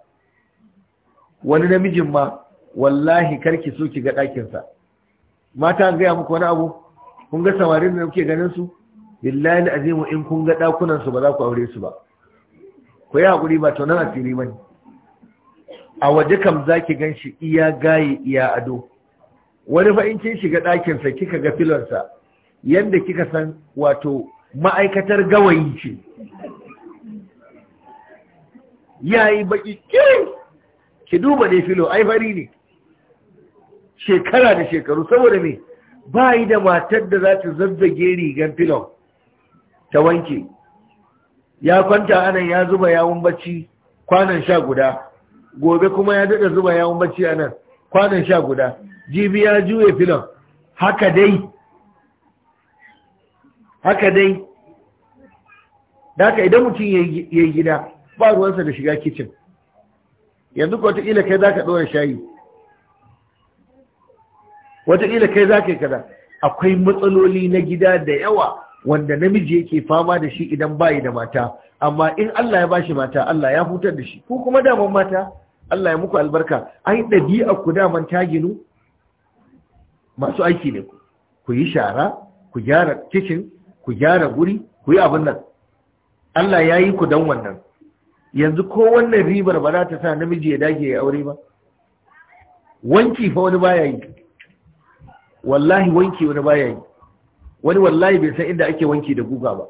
wani namijin ma wallahi karki so ki ga ɗakinsa mata an gaya muku wani abu kun ga samarin da kuke ganin su billahi azimu in kun ga ɗakunan su ba za ku aure su ba ku yi haƙuri ba to nan asiri ba mani. a waje kam za ki gan shi iya gaye iya ado wani fa in kin shiga ɗakinsa kika ga filonsa yadda kika san wato ma'aikatar gawayi ce yayi baki kirin ki duba ne filo ai fari ne shekara da shekaru saboda me ba yi da matar da za ta zazzage rigan filo ta wanke ya kwanta anan ya zuba yawon bacci kwanan sha guda gobe kuma ya daɗa zuba yawon bacci anan kwanan sha guda jibi ya juye filon haka dai haka dai da idan mutum ya yi gida ba ruwansa da shiga kicin yanzu ko wataƙila kai za ka ɗora shayi wataƙila kai za ka yi kaza akwai matsaloli na gida da yawa wanda namiji yake fama da shi idan bayi da mata amma in Allah ya bashi mata Allah ya hutar da shi ko kuma daman mata Allah ya muku albarka ai ɗabi'a ku daman ta ginu masu aiki ne ku ku yi shara ku gyara kicin ku gyara guri ku yi abin nan Allah ya yi ku dan wannan yanzu ko wannan ribar ba za ta sa namiji ya dage ya aure ba wanki fa wani baya yi wallahi wanki wani baya yi wani wallahi bai san inda ake wanki da guga ba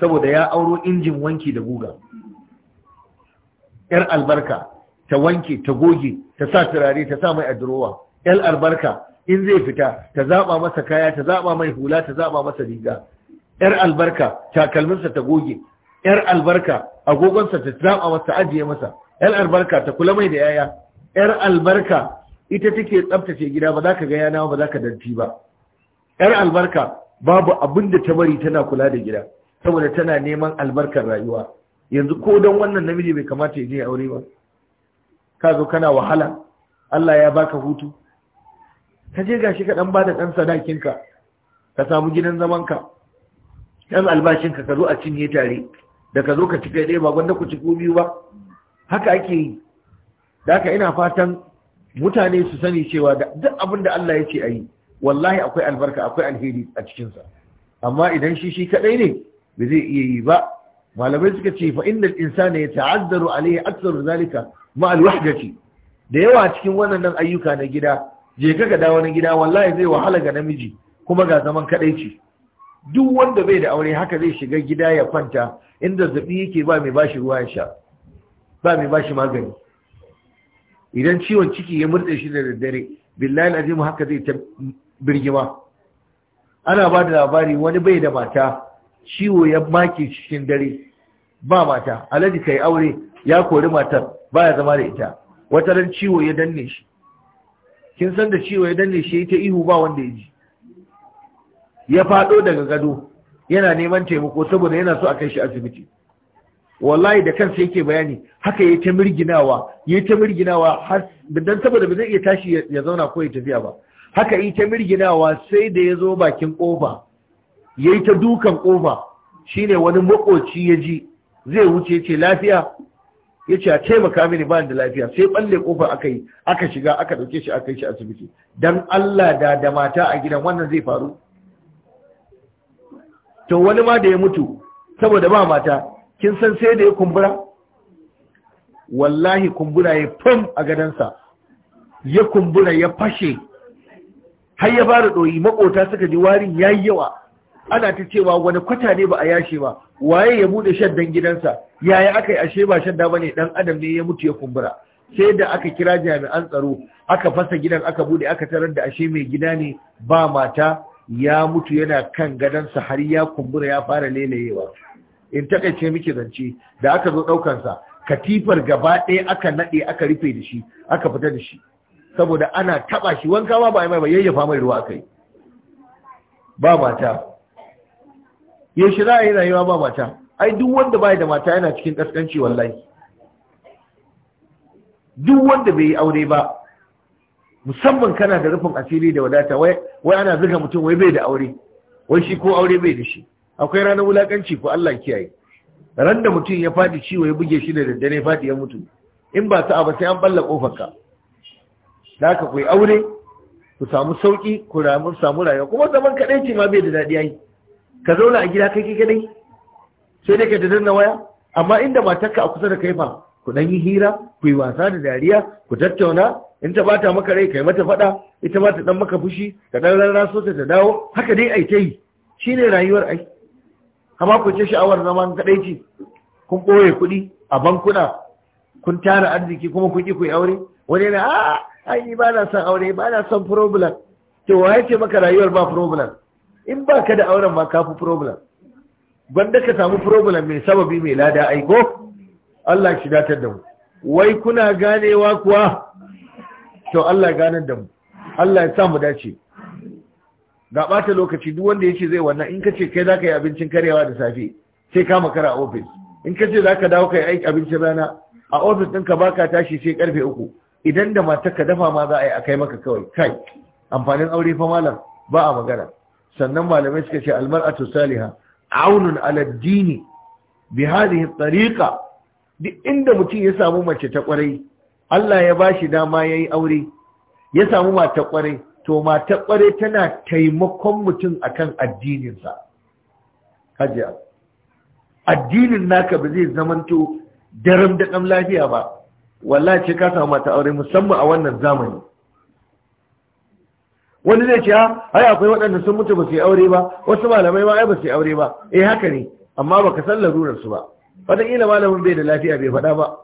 saboda ya auro injin wanki da guga yar albarka ta wanke ta goge ta sa turare ta sa mai a durowa yar albarka in zai fita ta zaba masa kaya ta zaba mai hula ta zaba masa riga yar albarka takalminsa ta goge yar albarka agogonsa ta zama masa ajiye masa yar albarka ta kula mai da yaya yar albarka ita take tsabtace gida ba za ka ga yana ba za ka danti ba yar albarka babu abin da ta bari tana kula da gida saboda tana neman albarkar rayuwa yanzu ko don wannan namiji bai kamata ya je aure ba ka zo kana wahala Allah ya baka hutu ka je gashi ka dan bada dan sadakinka ka samu gidan zamanka dan albashinka ka zo a cinye tare da ka zo ka cika ɗaya ba wanda ku ci biyu ba haka ake yi da haka ina fatan mutane su sani cewa da duk abin da Allah ya ce a yi wallahi akwai albarka akwai alheri a cikinsa amma idan shi shi kaɗai ne ba zai iya yi ba malamai suka ce fa inda insana ya ta'azzaru alaihi aksaru zalika ma alwahdati da yawa cikin wannan ayyuka na gida je ka ga dawo na gida wallahi zai wahala ga namiji kuma ga zaman ce. duk wanda bai da aure haka zai shiga gida ya kwanta inda zabi yake ba mai bashi ruwa sha ba mai bashi magani idan ciwon ciki ya murɗe shi da daddare billahi azimu haka zai ta birgima ana ba da labari wani bai da mata ciwo ya maki cikin dare ba mata alhaji kai aure ya kori matar ba ya zama da ita wata ciwo ya danne shi kin san da ciwo ya danne shi ta ihu ba wanda ya ji ya faɗo daga gado yana neman taimako saboda yana so a kai shi asibiti wallahi da kansa yake bayani haka ya ta mirginawa ya ta mirginawa har dan saboda ba zai iya tashi ya zauna ko ya tafiya ba haka yi ta mirginawa sai da ya zo bakin kofa ya ta dukan kofa shine wani makoci ya ji zai wuce ce lafiya ya ce a taimaka mini ba da lafiya sai balle kofa aka yi aka shiga aka dauke shi aka yi shi asibiti dan Allah da da mata a gidan wannan zai faru to wani ma da ya mutu saboda ba mata kin san sai da ya kumbura wallahi kumbura ya fam a gadansa ya kumbura ya fashe har ya fara ɗoyi makota suka ji warin ya yi yawa ana ta cewa wani kwata ne ba a yashe ba waye ya bude shaddan gidansa yaya aka yi ashe ba shadda ba ne Dan adam ne ya mutu ya kumbura sai da aka kira jami'an tsaro aka fasa gidan aka bude aka tarar da ashe mai gida ne ba mata ya mutu yana kan gadansa har ya kumbura ya fara lelayewa in takaice miki zance da aka zo ɗaukansa katifar gaba ɗaya aka naɗe aka rufe da shi aka fita da shi saboda ana taɓa shi wanka ma ba mai ba yayyafa mai ruwa kai ba mata yaushe za a yi rayuwa ba mata ai duk wanda bai da mata yana cikin ƙasƙanci wallahi duk wanda bai yi aure ba musamman kana da rufin asiri da wadata wai ana zuga mutum wai bai da aure wai shi ko aure bai da shi akwai ranar wulakanci ko Allah kiyaye ran da mutum ya fadi ciwo ya buge shi da daddare fadi ya mutu in ba sa'a ba sai an balla kofarka da ka koyi aure ku samu sauki ku samu rayuwa kuma zaman kaɗai ce ma bai da dadi ai ka zauna a gida kai kadai sai dai ka danna waya amma inda matarka a kusa da kai fa ku dan yi hira ku yi wasa da dariya ku tattauna in ta bata maka rai kai mata fada ita ma ta dan maka fushi ka dan rarraso ta ta dawo haka dai ai tai shine rayuwar ai amma ku ce sha'awar zaman kadaici kun boye kuɗi a bankuna kun tara arziki kuma kun ki ku aure wani yana a ai ni ba na son aure ba na son problem to waye ce maka rayuwar ba problem in ba ka da auren ma kafi problem banda ka samu problem mai sababi mai lada aiko Allah shi datar da mu wai kuna ganewa kuwa to Allah ya ganar da mu Allah ya sa mu dace ga ɓata lokaci duk wanda ya ce zai wannan in ka ce kai za ka yi abincin karyawa da safe sai ka makara a ofis in ka ce za ka dawo ka yi aiki abincin rana a ofis ɗinka ba ka tashi sai karfe uku idan da matar ka dafa ma za a yi a kai maka kawai kai amfanin aure fa malam ba a magana sannan malamai suka ce almar'atu saliha aunun ala dini bi hadhihi tariqa duk inda mutum ya samu mace ta kwarai Allah ya bashi dama ya yi aure ya samu mata ƙware, to mata ƙware tana taimakon mutum akan addininsa hajiya addinin naka ba zai zamanto daram da kam lafiya ba walla ce ka samu mata aure musamman a wannan zamani wani zai ce ah, ai akwai waɗanda sun mutu ba su yi aure ba wasu malamai ma ai ba su yi aure ba eh haka ne amma baka san larurarsu ba. ba ƙila malamin bai da lafiya bai faɗa ba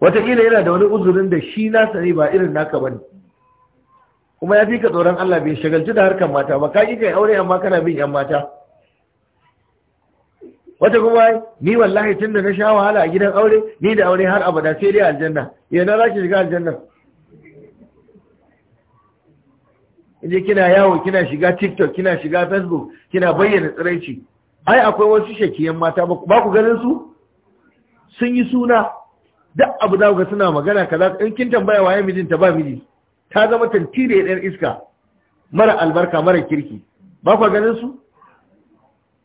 wataƙila yana da wani uzurin da shi nasa ne ba irin naka ne kuma ya fi ka tsoron Allah bai shagalci da harkar mata ba ka ki kai aure amma kana bin yan mata wata kuma ni wallahi tun da na sha wahala a gidan aure ni da aure har abada sai dai aljanna Ya na za ki shiga aljanna je kina yawo kina shiga tiktok kina shiga facebook kina bayyana tsiraici ai akwai wasu shakiyan mata ba ku ganin su sun yi suna duk abu za ga suna magana kaza in kin tambaya waye mijinta ba miji ta zama tantire ɗan iska mara albarka mara kirki ba ku ganin su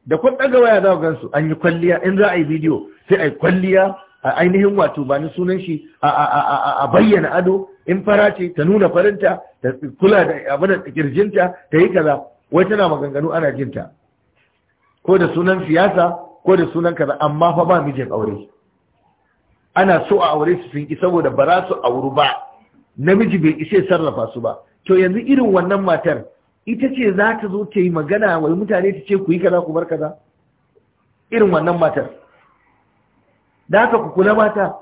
da kun ɗaga waya za ku gan an yi kwalliya in za a yi bidiyo sai a yi kwalliya a ainihin wato ba ni sunan shi a bayyana ado in fara ce ta nuna farinta ta kula da abin da kirjinta ta yi kaza wai tana maganganu ana jinta ko da sunan siyasa ko da sunan kaza amma fa ba mijin aure ana so a aure su sun ki saboda ba za su auru ba namiji bai ishe sarrafa su ba to yanzu irin wannan matar ita ce za ta zo ta yi magana wai mutane ta ce ku yi kaza ku bar kaza irin wannan matar da haka ku kula mata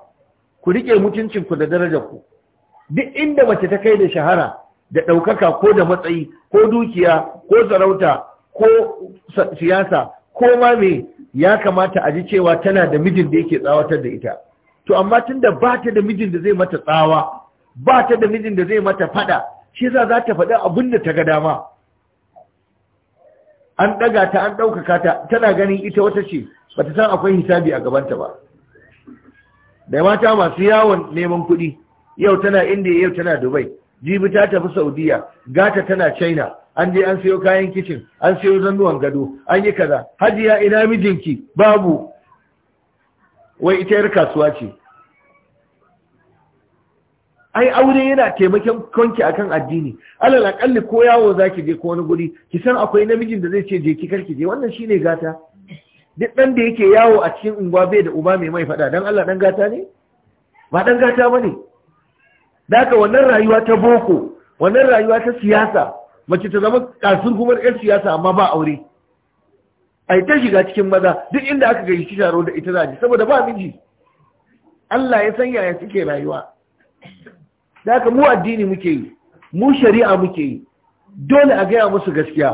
ku rike mutuncin ku da darajar ku duk inda mace ta kai da shahara da ɗaukaka ko da matsayi ko dukiya ko sarauta ko siyasa ko ma me ya kamata a ji cewa tana da mijin da yake tsawatar da ita to amma tunda ba ta da mijin da zai mata tsawa ba ta da mijin da zai mata fada shi yasa za ta faɗi abin da ta ga dama an ɗaga ta an ɗaukaka ta tana ganin ita wata ce ba ta san akwai hisabi a gabanta ba da mata masu yawon neman kuɗi yau tana indiya yau tana dubai jibi ta tafi saudiya gata tana china an je an sayo kayan kicin an sayo zannuwan gado an yi kaza hajiya ina mijinki babu wai ita yar kasuwa ce ai aure yana taimakon konki akan addini alal akalli ko yawo zaki je ko wani guri ki san akwai namijin da zai ce je ki karki je wannan shine gata duk dan da yake yawo a cikin unguwa bai da uba mai mai fada dan Allah dan gata ne ba dan gata bane daka wannan rayuwa ta boko wannan rayuwa ta siyasa mace ta zama kasur kuma yar siyasa amma ba aure A ta shiga cikin maza duk inda aka gaji taro da ita zaji saboda ba miji Allah ya san yaya suke rayuwa da haka mu addini muke yi mu shari'a muke yi dole a gaya musu gaskiya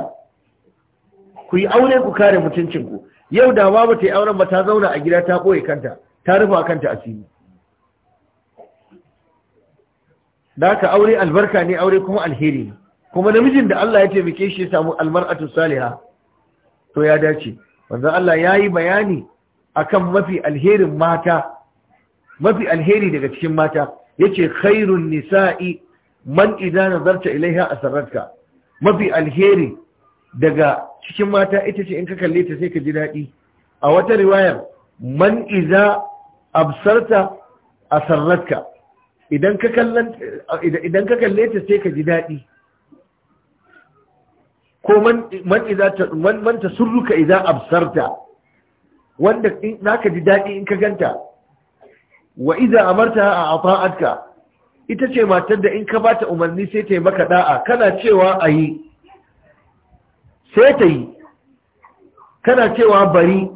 ku yi aure ku kare mutuncinku yau da ba ta yi auren ba ta zauna a gida ta ɓoye kanta ta rufa kanta asiri da haka aure albarka ne aure kuma alheri ne kuma namijin da Allah ya taimake shi ya samu almar'atu salihah to ya dace manzon Allah ya yi bayani akan mafi alherin mata mafi alheri daga cikin mata yace khairun nisa'i man idza nazarta a sarrafka, mafi alheri daga cikin mata ita ce in ka kalle ta sai ka ji daɗi a wata riwayar man iza absarta sarrafka, idan ka kalle ta sai ka ji daɗi ko man ta man man absarta wanda naka ji daɗi in ka ganta wa iza amarta a ata'atka ita ce matar da in ka ba ta umarni sai ta yi maka da'a kana cewa a yi? sai ta yi kana cewa bari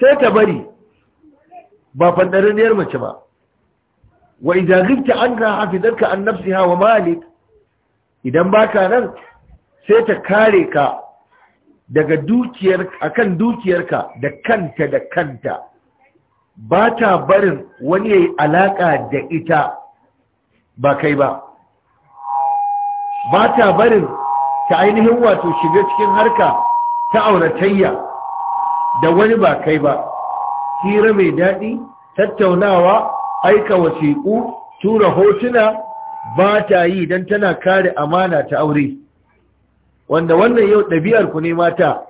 sai ta bari ba fandariniyar mace ba wa idza ghibta anha hafidatka an nafsiha wa malik idan baka nan sai ta kare ka daga dukiyar akan dukiyarka da kanta da kanta ba ta barin wani ya yi alaƙa da ita ba kai ba ba ta barin ta ainihin wato shiga cikin harka ta auratayya da wani ba kai ba hira mai daɗi tattaunawa aika wasiƙu tura hotuna ba ta yi don tana kare amana ta aure wanda wannan yau ɗabi'ar ku ne mata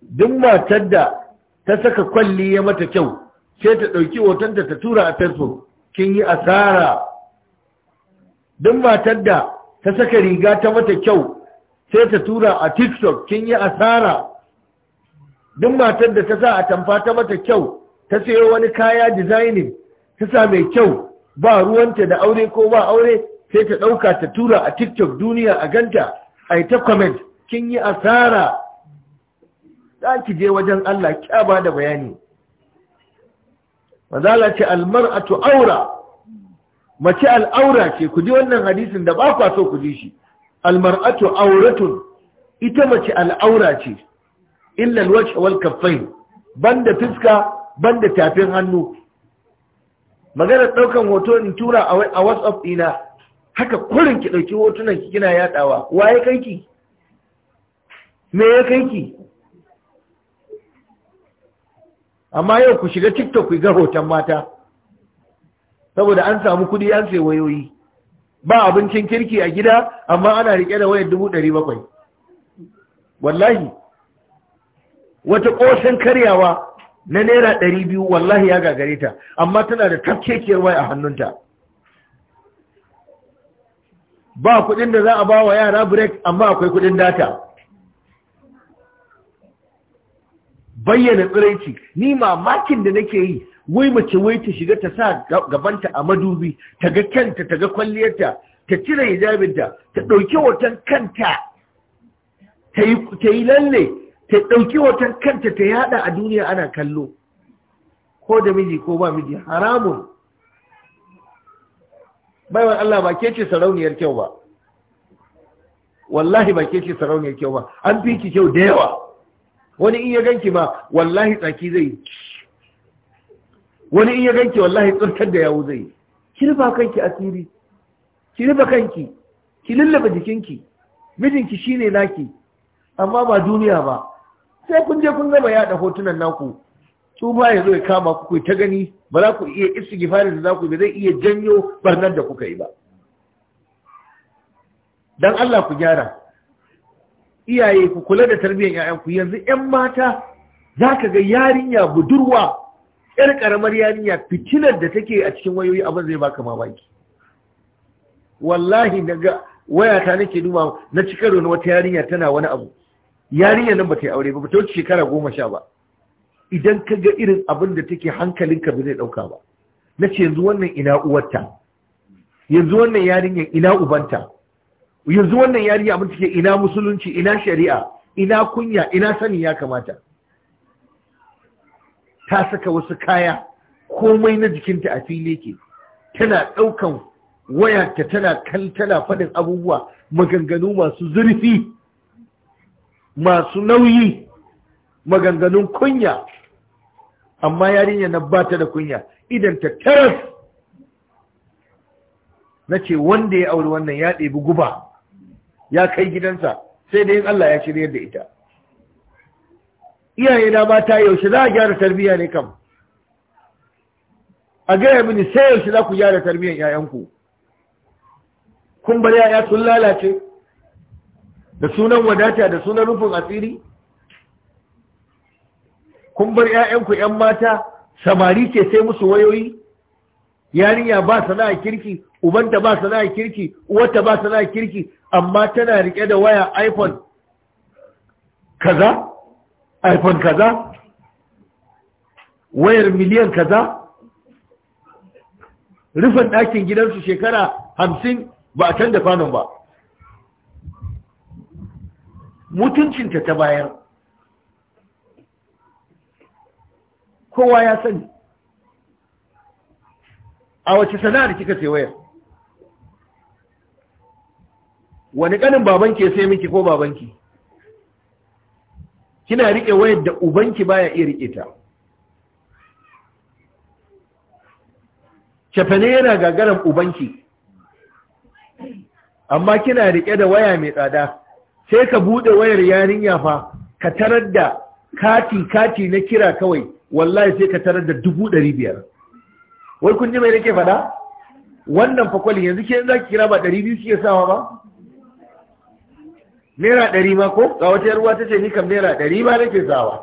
duk matar da ta saka kwalli ya mata kyau sai ta ɗauki hotonta ta tura a facebook kin yi asara duk matar da ta saka riga ta mata kyau sai ta tura a tiktok kin yi asara duk matar da ta sa a tamfa ta mata kyau ta sayo wani kaya designing ta sa mai kyau ba ruwanta da aure ko ba aure sai ta ɗauka ta tura a tiktok duniya a ganta a yi ta comment kin yi asara za ki je wajen Allah kya ba da bayani mazala ce almar'atu aura mace al'aura ce ku ji wannan hadisin da ba kwa so ku ji shi almar'atu auratun ita mace al'aura ce illa alwajh wal kaffain banda fiska banda tafin hannu maganar daukan hoto in tura a WhatsApp dina haka kurin ki ɗauki hotunan ki kina yadawa waye kai ki me ya kai ki amma yau ku shiga tiktok ku ga hoton mata saboda an samu kudi an sai wayoyi ba abincin kirki a gida amma ana rike da wayar dubu ɗari bakwai wallahi wata ƙosan karyawa na naira ɗari biyu wallahi ya gagare ta amma tana da tafkekiyar waya a hannunta ba kuɗin da za a ba wa yara break amma akwai kuɗin data bayyana tsiraici ni mamakin da nake yi wai mace wai ta shiga ta sa gabanta a madubi ta ga kanta ta ga kwalliyarta ta cire hijabinta ta ɗauki hoton kanta ta yi lalle ta ɗauki hoton kanta ta yada a duniya ana kallo ko da miji ko ba miji haramun baiwan Allah ba ke ce sarauniyar kyau ba wallahi ba ke ce sarauniyar kyau ba an fi ki kyau da yawa wani iya ganki ma wallahi tsaki zai wani iya ganki wallahi tsirkar da yawo zai ki rufa kanki asiri ki rufa kanki ki lullaba jikinki mijinki shine naki amma ba duniya ba sai kun je kun zama yada hotunan naku su ba ya zo ya kama ku ta gani ba za ku iya istighfarin da za ku ba zai iya janyo barnar da kuka yi ba dan Allah ku gyara iyaye ku kula da tarbiyyar ‘ya'yanku yanzu ‘yan mata za ka ga yarinya budurwa ‘yar ƙaramar yarinya fitilar da take a cikin wayoyi abin zai baka mamaki wallahi na ga wayata nake duba na ci karo na wata yarinya tana wani abu yarinya nan ba ta yi aure ba ba ta wuce shekara goma sha ba idan ka ga irin abin da take hankalinka ba zai ɗauka ba na ce yanzu wannan ina uwarta yanzu wannan yarinyar ina ubanta yanzu wannan yari abin take ina musulunci ina shari'a ina kunya ina sani ya kamata ta saka wasu kaya komai na jikinta a fili ke tana ɗaukan wayarta tana kan faɗin abubuwa maganganu masu zurfi masu nauyi maganganun kunya amma yarinya na bata da kunya idan ta taras na ce wanda ya auri wannan ya ɗebi guba ya kai gidansa sai dai Allah ya shiryar da ita iyaye na mata yaushe za a gyara tarbiyya ne kam a gaya mini sai yaushe za ku gyara tarbiyyar 'ya'yanku kun bari 'ya'ya sun lalace da sunan wadata da sunan rufin asiri kun bar 'ya'yanku 'yan mata samari ce sai musu wayoyi yarinya ba sana'a kirki ubanta ba sana'a kirki uwarta ba sana'a kirki amma tana rike da waya iphone kaza iphone kaza wayar miliyan kaza rufin ɗakin gidansu shekara hamsin ba a canza kwanon ba mutuncinta ta bayan kowa ya sani a wace sana'ar kika ce wayar wani kanin babanki ya sai miki ko babanki kina rike wayar da ubanki baya iya rike ta cefane yana gagaran ubanki amma kina rike da waya mai tsada sai ka bude wayar yarinya fa ka tarar da kati kati na kira kawai wallahi sai ka tarar da dubu ɗari biyar wai kun ji mai nake faɗa wannan fakwali yanzu ke za ki kira ba ɗari biyu kike sawa ba naira ɗari ma ko ga wata yarwa ta ce ni kam naira ɗari ba nake sawa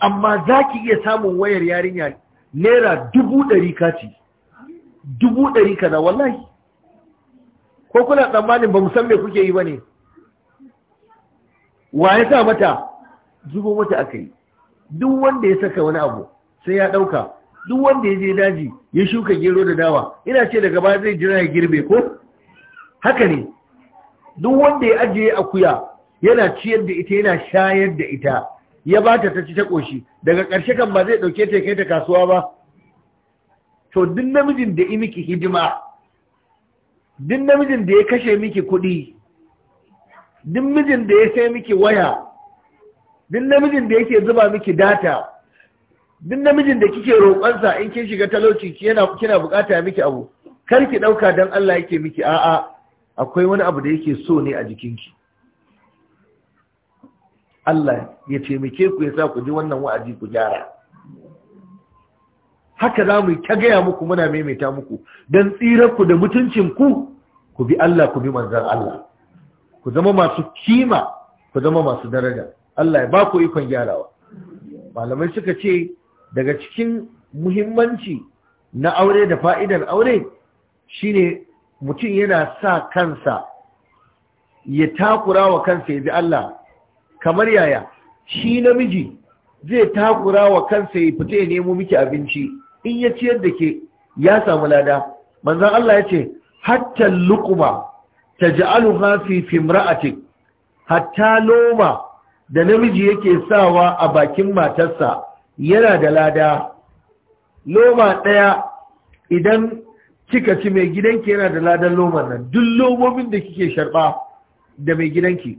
amma za ki iya samun wayar yarinya naira dubu ɗari ci dubu ɗari ka na wallahi ko kuna tsammanin ba san me kuke yi ba ne wa ya sa mata zubo mata aka yi duk wanda ya saka wani abu sai ya ɗauka duk wanda ya je daji ya shuka gero da dawa ina ce daga baya zai jira ya girbe ko haka ne duk wanda ya ajiye akuya yana ciyar da ita yana shayar da ita ya ba ta ci ta koshi daga ƙarshe kan ba zai ɗauke ta kai ta kasuwa ba to duk namijin da yi miki hidima duk namijin da ya kashe miki kuɗi duk mijin da ya sai miki waya duk namijin da yake zuba miki data duk namijin da kike roƙonsa in kin shiga talauci yana kina bukata miki abu kar ki ɗauka don Allah yake miki a'a akwai wani abu da yake so ne a jikinki Allah ya taimake ku ya sa ku ji wannan wa'azi ku gyara haka za mu ta gaya muku muna maimaita muku don ku da mutuncin ku bi Allah ku bi manzan Allah ku zama masu kima ku zama masu daraja Allah ya ba ku ikon gyarawa malamai suka ce daga cikin muhimmanci na aure da fa'idar aure shine mutum yana sa kansa ya takura wa kansa ya bi Allah kamar yaya shi namiji zai takura wa kansa ya fita ya nemo miki abinci in ya ciyar da ke ya samu lada manzan Allah ya ce hatta lukuma ta alu hafi fimra'atik hatta loma da namiji yake sawa a bakin matarsa yana da lada loma ɗaya idan kika ci mai gidanki yana da ladan loman nan duk lomomin da kike sharɓa da mai gidanki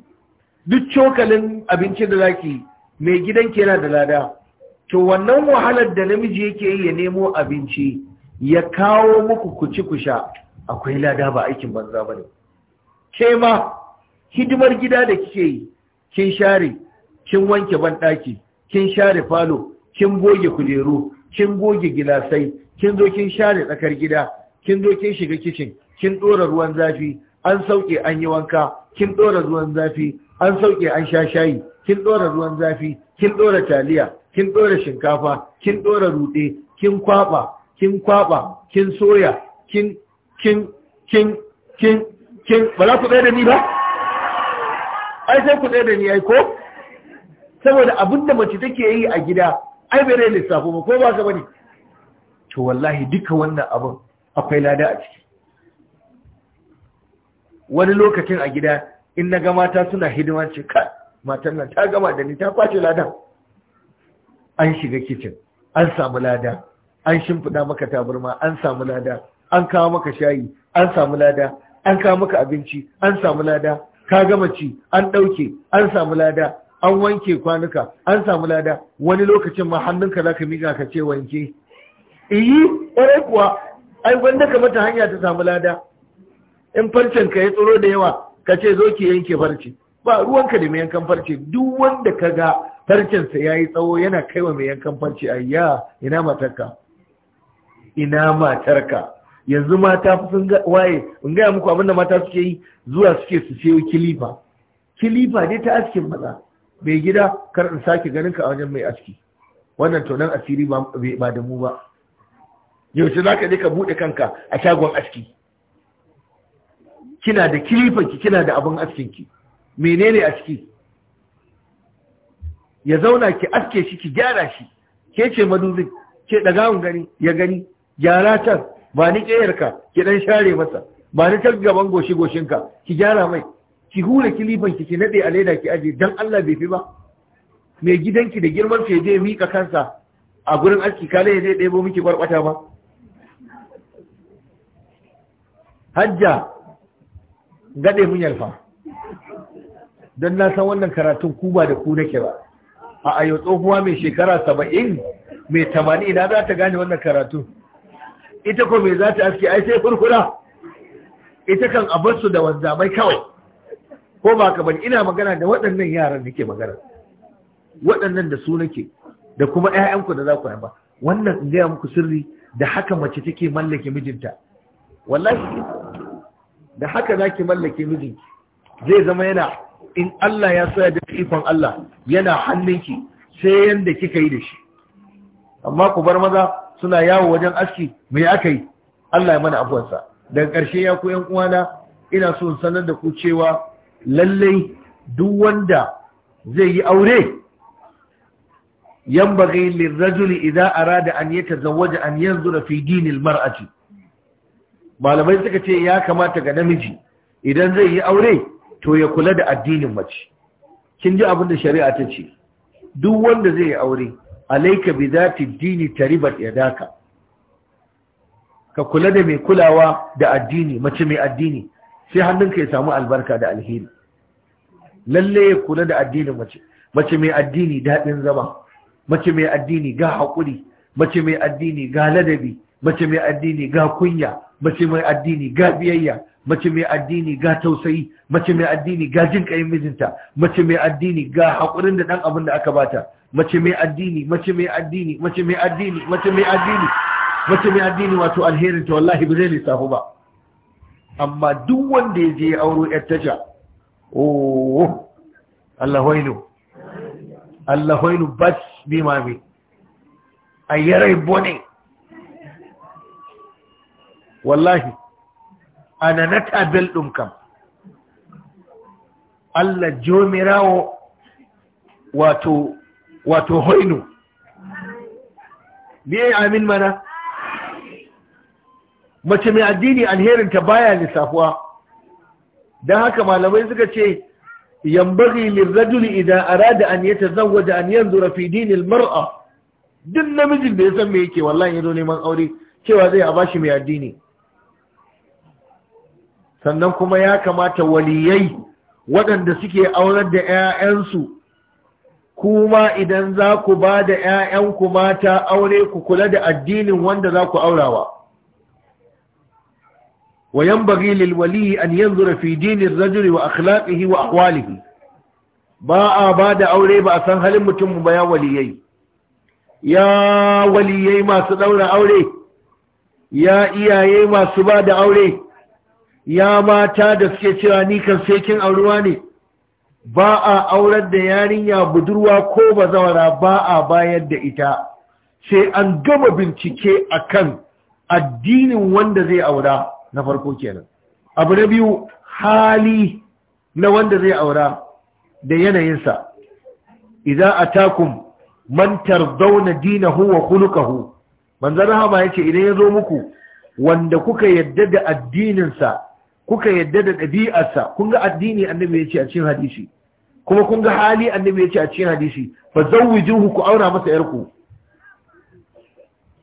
duk cokalin abincin da zaki mai gidanki yana da lada to wannan wahalar da namiji yake yi ya nemo abinci ya kawo muku ku ci ku sha akwai lada ba aikin banza ba ne. ke ma hidimar gida da kike yi kin share kin wanke banɗaki kin share falo kin goge kujeru kin goge gilasai kin zo kin share tsakar gida kin zo kin shiga kicin kin dora ruwan zafi an sauke an yi wanka kin dora ruwan zafi an sauke an sha shayi kin dora ruwan zafi kin dora taliya kin dora shinkafa kin dora rude kin kwaba kin kwaba kin soya kin kin kin kin kin ba za ku ɗaya da ni ba ai sai ku ɗaya da ni ai ko saboda abinda mace take yi a gida ai bai rai lissafo ba ko ba ka bane to wallahi duka wannan abin akwai lada a ciki wani lokacin a gida in na ga mata suna hidima ka matan nan ta gama da ni ta kwace lada. an shiga kicin an samu lada an shimfiɗa maka tabarma an samu lada an kawo maka shayi an samu lada an kawo maka abinci an samu lada ka gama ci an ɗauke an samu lada an wanke kwanuka an samu lada wani lokacin ma hannunka za ka miƙa ka ce wanke iyi ƙwarai kuwa ai wanda ka mata hanya ta samu lada in farcen ka ya tsoro da yawa ka ce zo ki yanke farce ba ruwanka da mai yankan farce duk wanda ka ga farcensa ya yi tsawo yana kaiwa mai yankan farce ayya ina matarka ina matarka yanzu mata sun waye in gaya muku abinda mata suke yi zuwa suke su kilifa kilifa dai ta askin maza mai gida kar in sake ganin ka a wajen mai aski wannan tonan asiri ba da mu ba yaushe za ka je ka buɗe kanka a shagon aski kina da kilifanki kina da abin askinki menene aski ya zauna ki aske shi ki gyara shi ke ce madubin ke ɗagawun gani ya gani gyara can ba ni ƙeyarka ki dan share masa ba ni ta gaban goshi goshinka ki gyara mai ki hura kilifan ki ki nade a leda ki aje dan Allah bai fi ba mai gidanki da girman ce zai mika kansa a gurin aski kale ya zai ɗebo miki kwarkwata ba hajja gaɗe mun yalfa don na san wannan karatun ku ba da ku nake ba a ayo tsohuwa mai shekara saba'in mai tamanin na za ta gane wannan karatu ita ko mai za ta aski ai sai kurkura ita kan abarsu da wanzamai kawai ko ba ka bane ina magana da waɗannan yaran ke magana waɗannan da su nake da kuma ƴaƴanku da za ku haifa wannan in gaya muku sirri da haka mace take mallake mijinta wallahi da haka zaki mallake mijinki zai zama yana in Allah ya soya da ikon Allah yana hannunki sai yanda kika yi da shi amma ku bar maza suna yawo wajen aski me aka yi Allah ya mana abuwansa daga ƙarshe ya ku ƴan uwana ina so sanar da ku cewa lallai duk wanda zai yi aure yan yanbaghi lirrajuli idza arada an yatazawwaja an yanzura fi dinil mar'ati malamai suka ce ya kamata ga namiji idan zai yi aure to ya kula da addinin mace kin ji abin da shari'a ta ce duk wanda zai yi aure alaika bi zati dini taribat yadaka ka kula da mai kulawa da addini mace mai addini sai hannunka ya samu albarka da alheri lalle ya kula da addinin mace mace mai addini daɗin zama mace mai addini ga haƙuri mace mai addini ga ladabi mace mai addini ga kunya mace mai addini ga biyayya mace mai addini ga tausayi mace mai addini ga jin ƙayin mijinta mace mai addini ga haƙurin da ɗan abin da aka bata mace mai addini mace mai addini mace mai addini mace mai addini mace mai addini wato alherin ta wallahi ba zai lissafu ba amma duk wanda ya je ya auro yar tasha oh Allah wailu Allah wailu bas bi ma bi yarai bone wallahi ana na tabel ɗin kam Allah jomirawo wato wato hoinu biye amin mana mace mai addini alherinta baya lissafuwa don haka malamai suka ce yambari lirrajuli idan arada an yata zawaja an yanzu fi dinil mar'a duk namijin da ya san me yake wallahi ya neman aure cewa zai a bashi mai addini sannan kuma ya kamata waliyai waɗanda suke aurar da 'ya'yansu kuma idan za ku ba da 'ya'yanku mata aure ku kula da addinin wanda za ku aurawa وينبغي للولي أن ينظر في دين الرجل وأخلاقه وأحواله باء بعد أولي بأسان هل متم بيا وليي يا وليي ما سدون أولي يا إياي ما سباد أولي يا ما تادس كتراني كان سيكين أولواني باء a aurar يا بدروا كوبا زورا باء ba a bayar da ita sai an gama bincike akan na farko kenan abu na biyu hali na wanda zai aura da yanayinsa idan a mantar man dina dinahu wa manzan manzon rahama ce idan ya zo muku wanda kuka yadda da addininsa kuka yadda da ɗabi'arsa kun ga addini annabi ya ce a cikin hadisi kuma kun ga hali annabi ya ce a cikin hadisi ba zawwijin ku aura masa yarku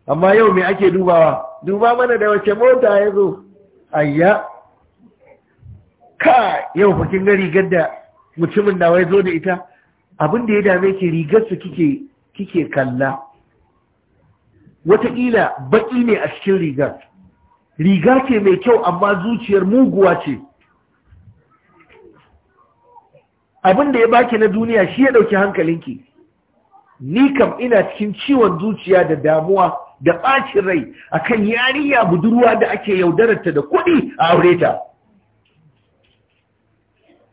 amma yau me ake dubawa duba mana da wace mota ya zo ayya ka yau fa kin ga rigar da mutumin nawa ya zo da ita abin da ya dame ki rigar su kike kike kalla wataƙila baƙi ne a cikin rigar riga ce mai kyau amma zuciyar muguwa ce abin da ya baki na duniya shi ya ɗauki hankalinki ni kam ina cikin ciwon zuciya da damuwa da ɓacin rai a kan yariya budurwa da ake yaudararta da kuɗi a aure ta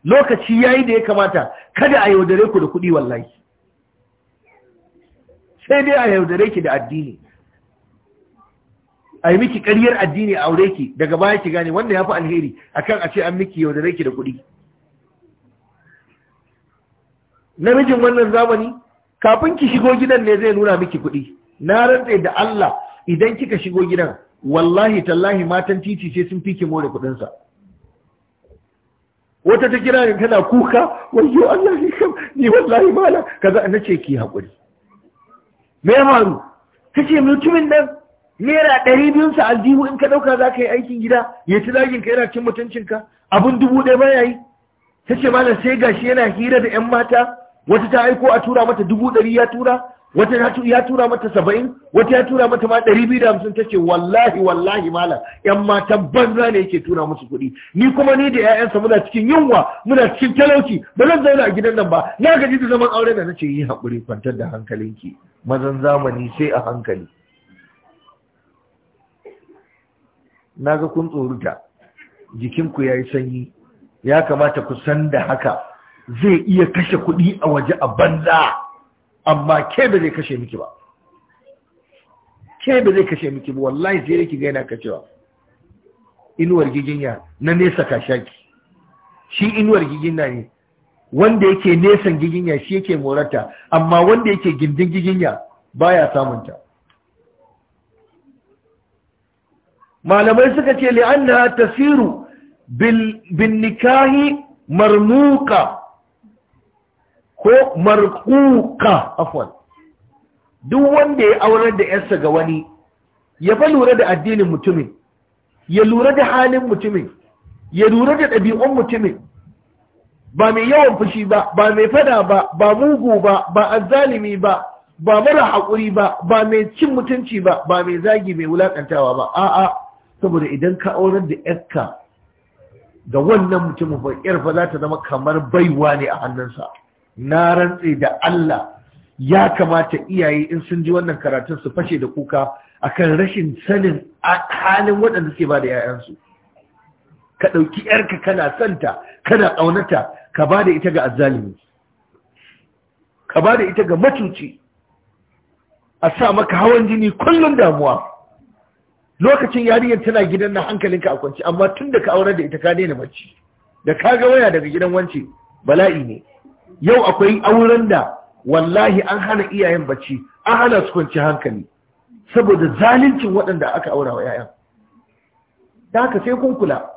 lokaci yayi da ya kamata kada a yaudare ku da kuɗi wallahi sai dai a yaudare ki da addini a yi miki ƙaryar addini a aure ki daga baya ki gane wanda ya fi alheri a kan a ce an miki yaudare ki da kuɗi namijin wannan zamani kafin ki shigo gidan ne zai nuna miki kuɗi na rantse da Allah idan kika shigo gidan wallahi tallahi matan titi sai sun fike more kudin sa wata ta kira ni tana kuka wayyo Allah ni kam ni wallahi mala kaza nace ki hakuri me ya faru kace mutumin nan naira ɗari biyun sa aljihu in ka ɗauka za ka yi aikin gida ya ci zagin ka yana cin mutuncinka Abun dubu ɗaya ya yi ta ce malam sai gashi yana hira da 'yan mata wata ta aiko a tura mata dubu ɗari ya tura wata ya tura mata saba'in wata ya tura mata ma ɗari biyu da hamsin ta ce wallahi wallahi malam yan matan banza ne yake tura musu kuɗi ni kuma ni da 'ya'yansa muna cikin yunwa muna cikin talauci ba zan zauna a gidan nan ba na gaji da zaman aure da nace yi haƙuri kwantar da hankalinki mazan zamani sai a hankali na ga kun tsoruta jikinku ya yi sanyi ya kamata ku san da haka zai iya kashe kuɗi a waje a banza amma ke ba zai kashe miki ba ke ba zai kashe miki ba wallahi sai yake ga yana kacewa inuwar giginya na nesa kashaki shi inuwar giginya ne wanda yake nesan giginya shi yake morata amma wanda yake gindin giginya baya samun ta malamai suka ce li'anna tasiru bin nikahi marmuka ko marquqa afwan duk wanda ya aurar da yarsa ga wani ya fa lura da addinin mutumin ya lura da halin mutumin ya lura da ɗabi'un mutumin ba mai yawan fushi ba ba mai fada ba ba mugu ba ba azzalimi ba ba mara haƙuri ba ba mai cin mutunci ba ba mai zagi mai wulaƙantawa ba a'a saboda idan ka aurar da yarka ga wannan mutumin ba yar fa za ta zama kamar baiwa ne a hannunsa na rantse da Allah ya kamata iyaye in sun ji wannan karatun su fashe da kuka akan rashin sanin halin waɗanda suke ba da 'ya'yansu ka ɗauki 'yarka kana santa kana ƙaunata ka ba da ita ga azzalimi ka ba da ita ga matuci a sa maka hawan jini kullum damuwa lokacin yarinyar tana gidan na hankalinka a kwanci amma tun da ka aurar da ita ka daina bacci da ka ga waya daga gidan wance bala'i ne yau akwai auren da wallahi an hana iyayen bacci an hana su kwanci hankali saboda zalincin waɗanda aka aura wa 'ya'yan da haka sai kun kula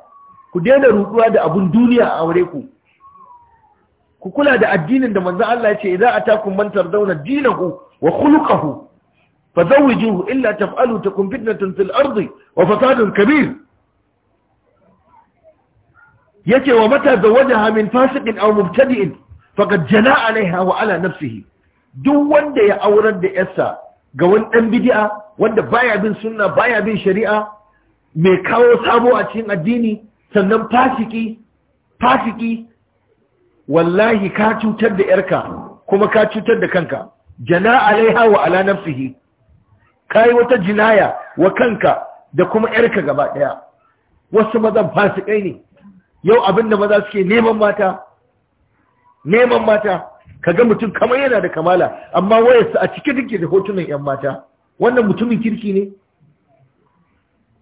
ku daina ruɗuwa da abun duniya a aure ku ku kula da addinin da manzan Allah ya ce idza atakum man tardawna dinahu wa khuluquhu fazawwijuhu illa taf'alu takun fitnatun fil ardi wa fasadun kabir yace wa mata zawajaha min fasiqin aw mubtadi'in faqad jana alaiha wa ala nafsihi duk wanda ya aurar da yarsa ga wani ɗan bidi'a wanda baya bin sunna baya bin shari'a mai kawo sabo a cikin addini sannan fasiki fasiki wallahi ka cutar da yarka kuma ka cutar da kanka jana alaiha wa ala nafsihi kai wata jinaya wa kanka da kuma yarka gaba daya wasu mazan fasikai ne yau abinda maza suke neman mata neman mata ka ga mutum kamar yana da kamala amma wayarsa a cike duke da hotunan yan mata wannan mutumin kirki ne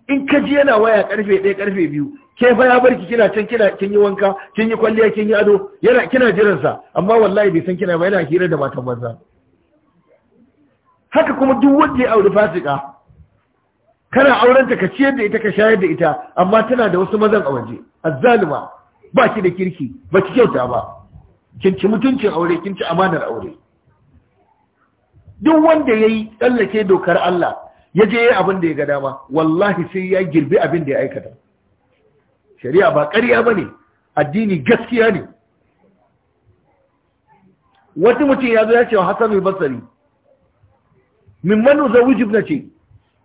in ka ji yana waya karfe ɗaya karfe biyu ke fa ya barki kina can kina kin yi wanka kin yi kwalliya kin yi ado yana kina jiran sa amma wallahi bai san kina ba yana hira da matan banza haka kuma duk wanda ya auri fasika kana aurenta ka ciyar da ita ka shayar da ita amma tana da wasu mazan a waje azzalima ba ki da kirki ba ki kyauta ba kin ci mutuncin aure kin ci amanar aure duk wanda yayi tsallake dokar Allah ya je yayi abin da ya ga dama wallahi sai ya girbi abin da ya aikata shari'a ba ƙarya ne, addini gaskiya ne wata mutum ya zo ya ce wa Hassan al-Basri wujib na ibnati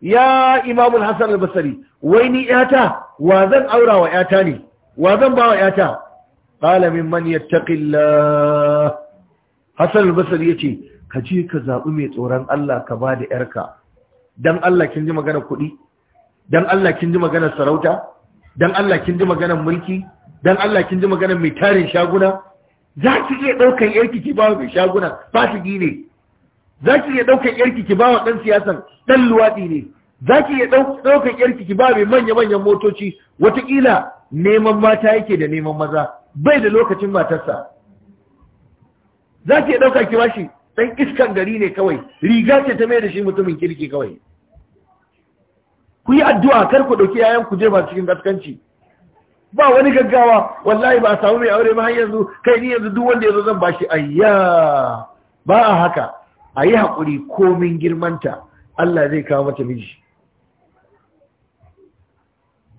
ya Imam al-Hassan al-Basri wai ni yata wa zan aura wa yata ne wa zan ba wa yata qala mimman yattaqillah Hassan al-Basri yace ka je ka zabi mai tsoron Allah ka bada da yarka dan Allah kin ji magana kuɗi dan Allah kin ji magana sarauta dan Allah kin ji maganar mulki dan Allah kin ji maganar mai tarin shaguna Zaki iya ɗaukan yarki ki bawa mai shaguna fasiki ne Zaki iya ɗaukan yarki ki bawa ɗan siyasan ɗan luwaɗi ne Zaki iya ɗaukan yarki ki bawa mai manya-manyan motoci watakila neman mata yake da neman maza bai da lokacin matarsa za ki iya ɗauka ki bashi ɗan iskan gari ne kawai riga ce ta mai da shi mutumin kirki kawai ku yi addu'a kar ku ɗauki yayan ku je ba cikin gaskanci ba wani gaggawa wallahi ba a samu mai aure ba har yanzu kai ni yanzu duk wanda ya zo zan bashi ayya ba a haka a yi haƙuri komin girmanta Allah zai kawo mata miji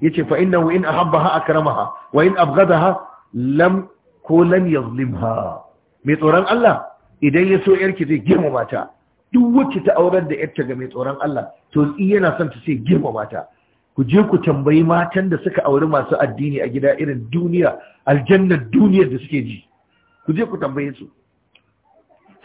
yace fa innahu in ahabbaha akramaha wa in abghadaha lam ko lam yazlimha mai tsoron Allah idan ya so yarki zai girmama ta duk wacce ta auren da yarta ga mai tsoron Allah to in yana son ta ce girmama ta ku je ku tambayi matan da suka auri masu addini a gida irin duniya aljannar duniyar da suke ji ku je ku tambaye su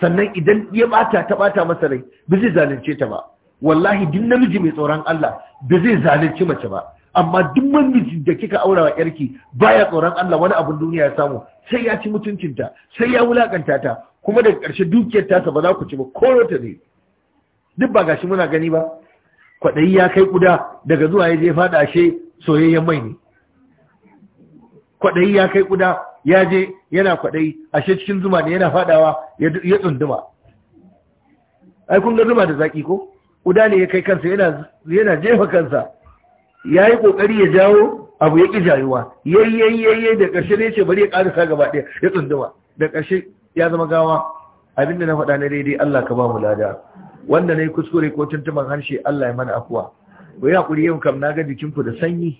sannan idan ya bata ta bata masa rai ba zai zalunce ta ba wallahi duk namiji mai tsoron Allah ba zai zalunci mace ba amma duk mamijin da kika aura wa yarki baya tsoron Allah wani abin duniya ya samu sai ya ci mutuncinta sai ya wulakanta ta kuma daga ƙarshe dukiyar tasa ba za ku ci ba koro ta ne duk ba gashi muna gani ba kwaɗayi ya kai kuda daga zuwa ya je faɗa ashe soyayyen mai ne kwaɗayi ya kai kuda ya je yana kwaɗayi ashe cikin zuma ne yana faɗawa ya tsunduma ai kun ga zuma da zaki ko Ƙuda ne ya kai kansa yana jefa kansa ya yi ƙoƙari ya jawo abu ya ƙi jayuwa yayyayyaye da ƙarshe ne ce bari ya ƙarisa gaba ɗaya ya tsunduma da ƙarshe ya zama gawa abinda na faɗa na daidai Allah ka ba mu lada wanda na yi kuskure ko tuntuman harshe Allah ya mana afuwa ku yi haƙuri yau kam na ga jikinku da sanyi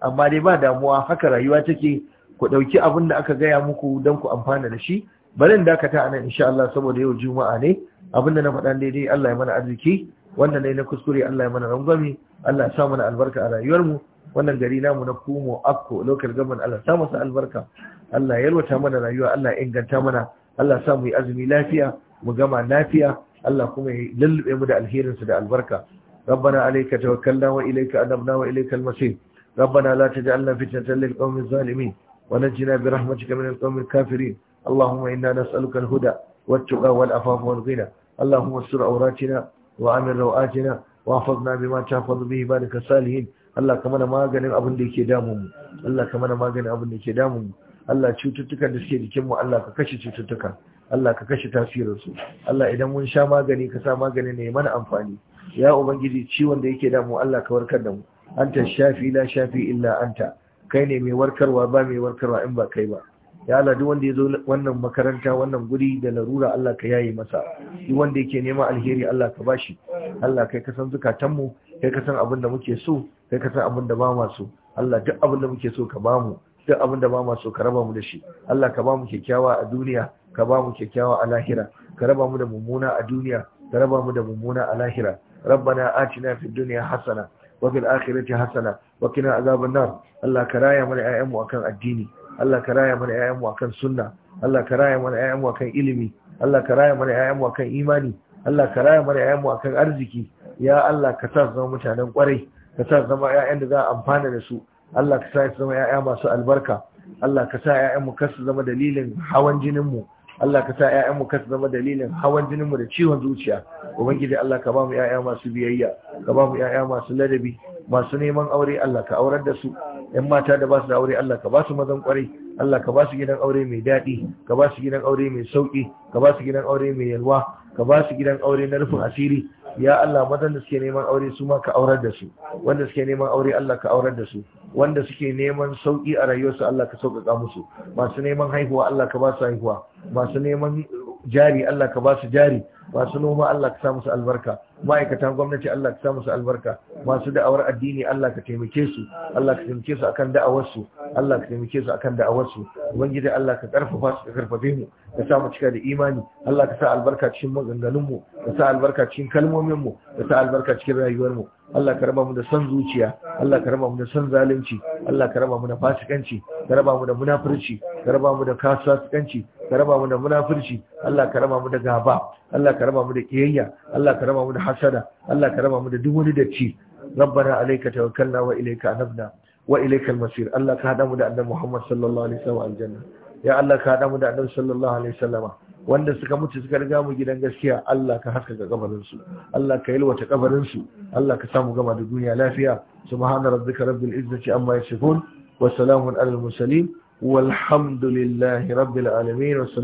amma dai ba damuwa haka rayuwa take ku ɗauki abin da aka gaya muku don ku amfana da shi barin dakata a nan insha Allah saboda yau juma'a ne abin da na faɗa daidai Allah ya mana arziki wanda na yi na kuskure Allah ya mana rangwame Allah ya sa mana albarka a rayuwarmu wannan gari namu na Kumo Akko local government Allah ya sa masa albarka Allah ya yalwata mana rayuwa Allah ya inganta mana Allah ya sa mu yi azumi lafiya mu gama lafiya Allah kuma ya lullube mu da alherinsa da albarka ربنا عليك توكلنا وإليك أنبنا وإليك المصير ربنا لا تجعلنا فتنة للقوم الظالمين ونجنا برحمتك من القوم الكافرين اللهم إنا نسألك الهدى والتقى والأفاف والغنى اللهم استر عوراتنا وعمل روآتنا واحفظنا بما تحفظ به بارك الصالحين Allah ka mana maganin abin da yake damun mu Allah ka mana maganin abin da yake damun mu Allah cututtukan da suke jikin mu Allah ka kashe cututtukan Allah ka kashe tasirin su Allah idan mun sha magani ka sa magani ne mana amfani ya ubangiji ciwon da yake damu Allah ka warkar da mu anta shafi la shafi illa anta kai ne mai warkarwa ba mai warkarwa in ba kai ba ya Allah duk wanda ya zo wannan makaranta wannan guri da larura Allah ka yaye masa duk wanda yake nema alheri Allah ka bashi Allah kai ka san zukatanmu kai ka san abin da muke so kai ka san abin da ba mu so Allah duk abin da muke so ka bamu duk abin da ba mu so ka raba mu da shi Allah ka bamu kyakkyawa a duniya ka bamu kyakkyawa a lahira ka raba mu da mummuna a duniya ka raba mu da mummuna a lahira rabbana atina fid dunya hasana wa fil akhirati hasana wa qina azaban nar Allah ka raya mana mu akan addini Allah ka raya mana ƴaƴanmu kan sunna Allah ka raya mana ƴaƴanmu akan ilimi Allah ka raya mana ƴaƴanmu akan imani Allah ka raya mana ƴaƴanmu akan arziki ya Allah ka sa zama mutanen kwarai ka sa zama 'ya'yan da za a amfana da su Allah ka sa zama 'ya'ya masu albarka Allah ka sa ƴaƴanmu kar su zama dalilin hawan jininmu. Allah ka sa ƴaƴanmu kar su zama dalilin hawan jinin mu da ciwon zuciya ubangiji Allah ka ba mu ƴaƴa masu biyayya ka ba mu masu ladabi masu neman aure Allah ka aurar da su yan mata da ba su da aure Allah ka ba su mazan kwarai Allah ka ba su gidan aure mai daɗi ka ba su gidan aure mai sauƙi ka ba su gidan aure mai yalwa ka ba su gidan aure na rufin asiri ya Allah mazan da suke neman aure su ma ka aurar da su wanda suke neman aure Allah ka aurar da su wanda suke neman sauƙi a rayuwarsu Allah ka sauƙaƙa musu masu neman haihuwa Allah ka ba su haihuwa masu neman jari Allah ka ba su jari masu noma Allah ka sa musu albarka ma'aikatan gwamnati Allah ka samu su albarka masu da'awar addini Allah ka taimake su Allah ka taimake su akan da'awar su Allah ka taimake su akan da'awar su ubangiji Allah ka karfafa su ka karfafe mu ka sa mu cika da imani Allah ka sa albarka cikin maganganun mu ka sa albarka cikin kalmomin mu ka sa albarka cikin rayuwar mu Allah ka raba mu da san zuciya Allah ka raba mu da san zalunci Allah ka raba mu da fasikanci ka raba mu da munafurci ka raba mu da kasuwanci ka raba mu da munafurci Allah ka raba mu da gaba Allah ka raba mu da kiyayya Allah ka raba mu da hasada Allah ka raba mu da duk wani dacci rabbana alayka tawakkalna wa ilayka anabna wa ilayka al-masir Allah ka hada mu da annabi Muhammad sallallahu alaihi wasallam aljanna ya Allah ka hada mu da annabi sallallahu alaihi wasallam wanda suka mutu suka riga mu gidan gaskiya Allah ka haskaka kabarinsu Allah ka yalwata kabarinsu Allah ka samu gama da duniya lafiya subhana rabbika rabbil izzati amma yasifun wa salamun alal mursalin walhamdulillahi rabbil alamin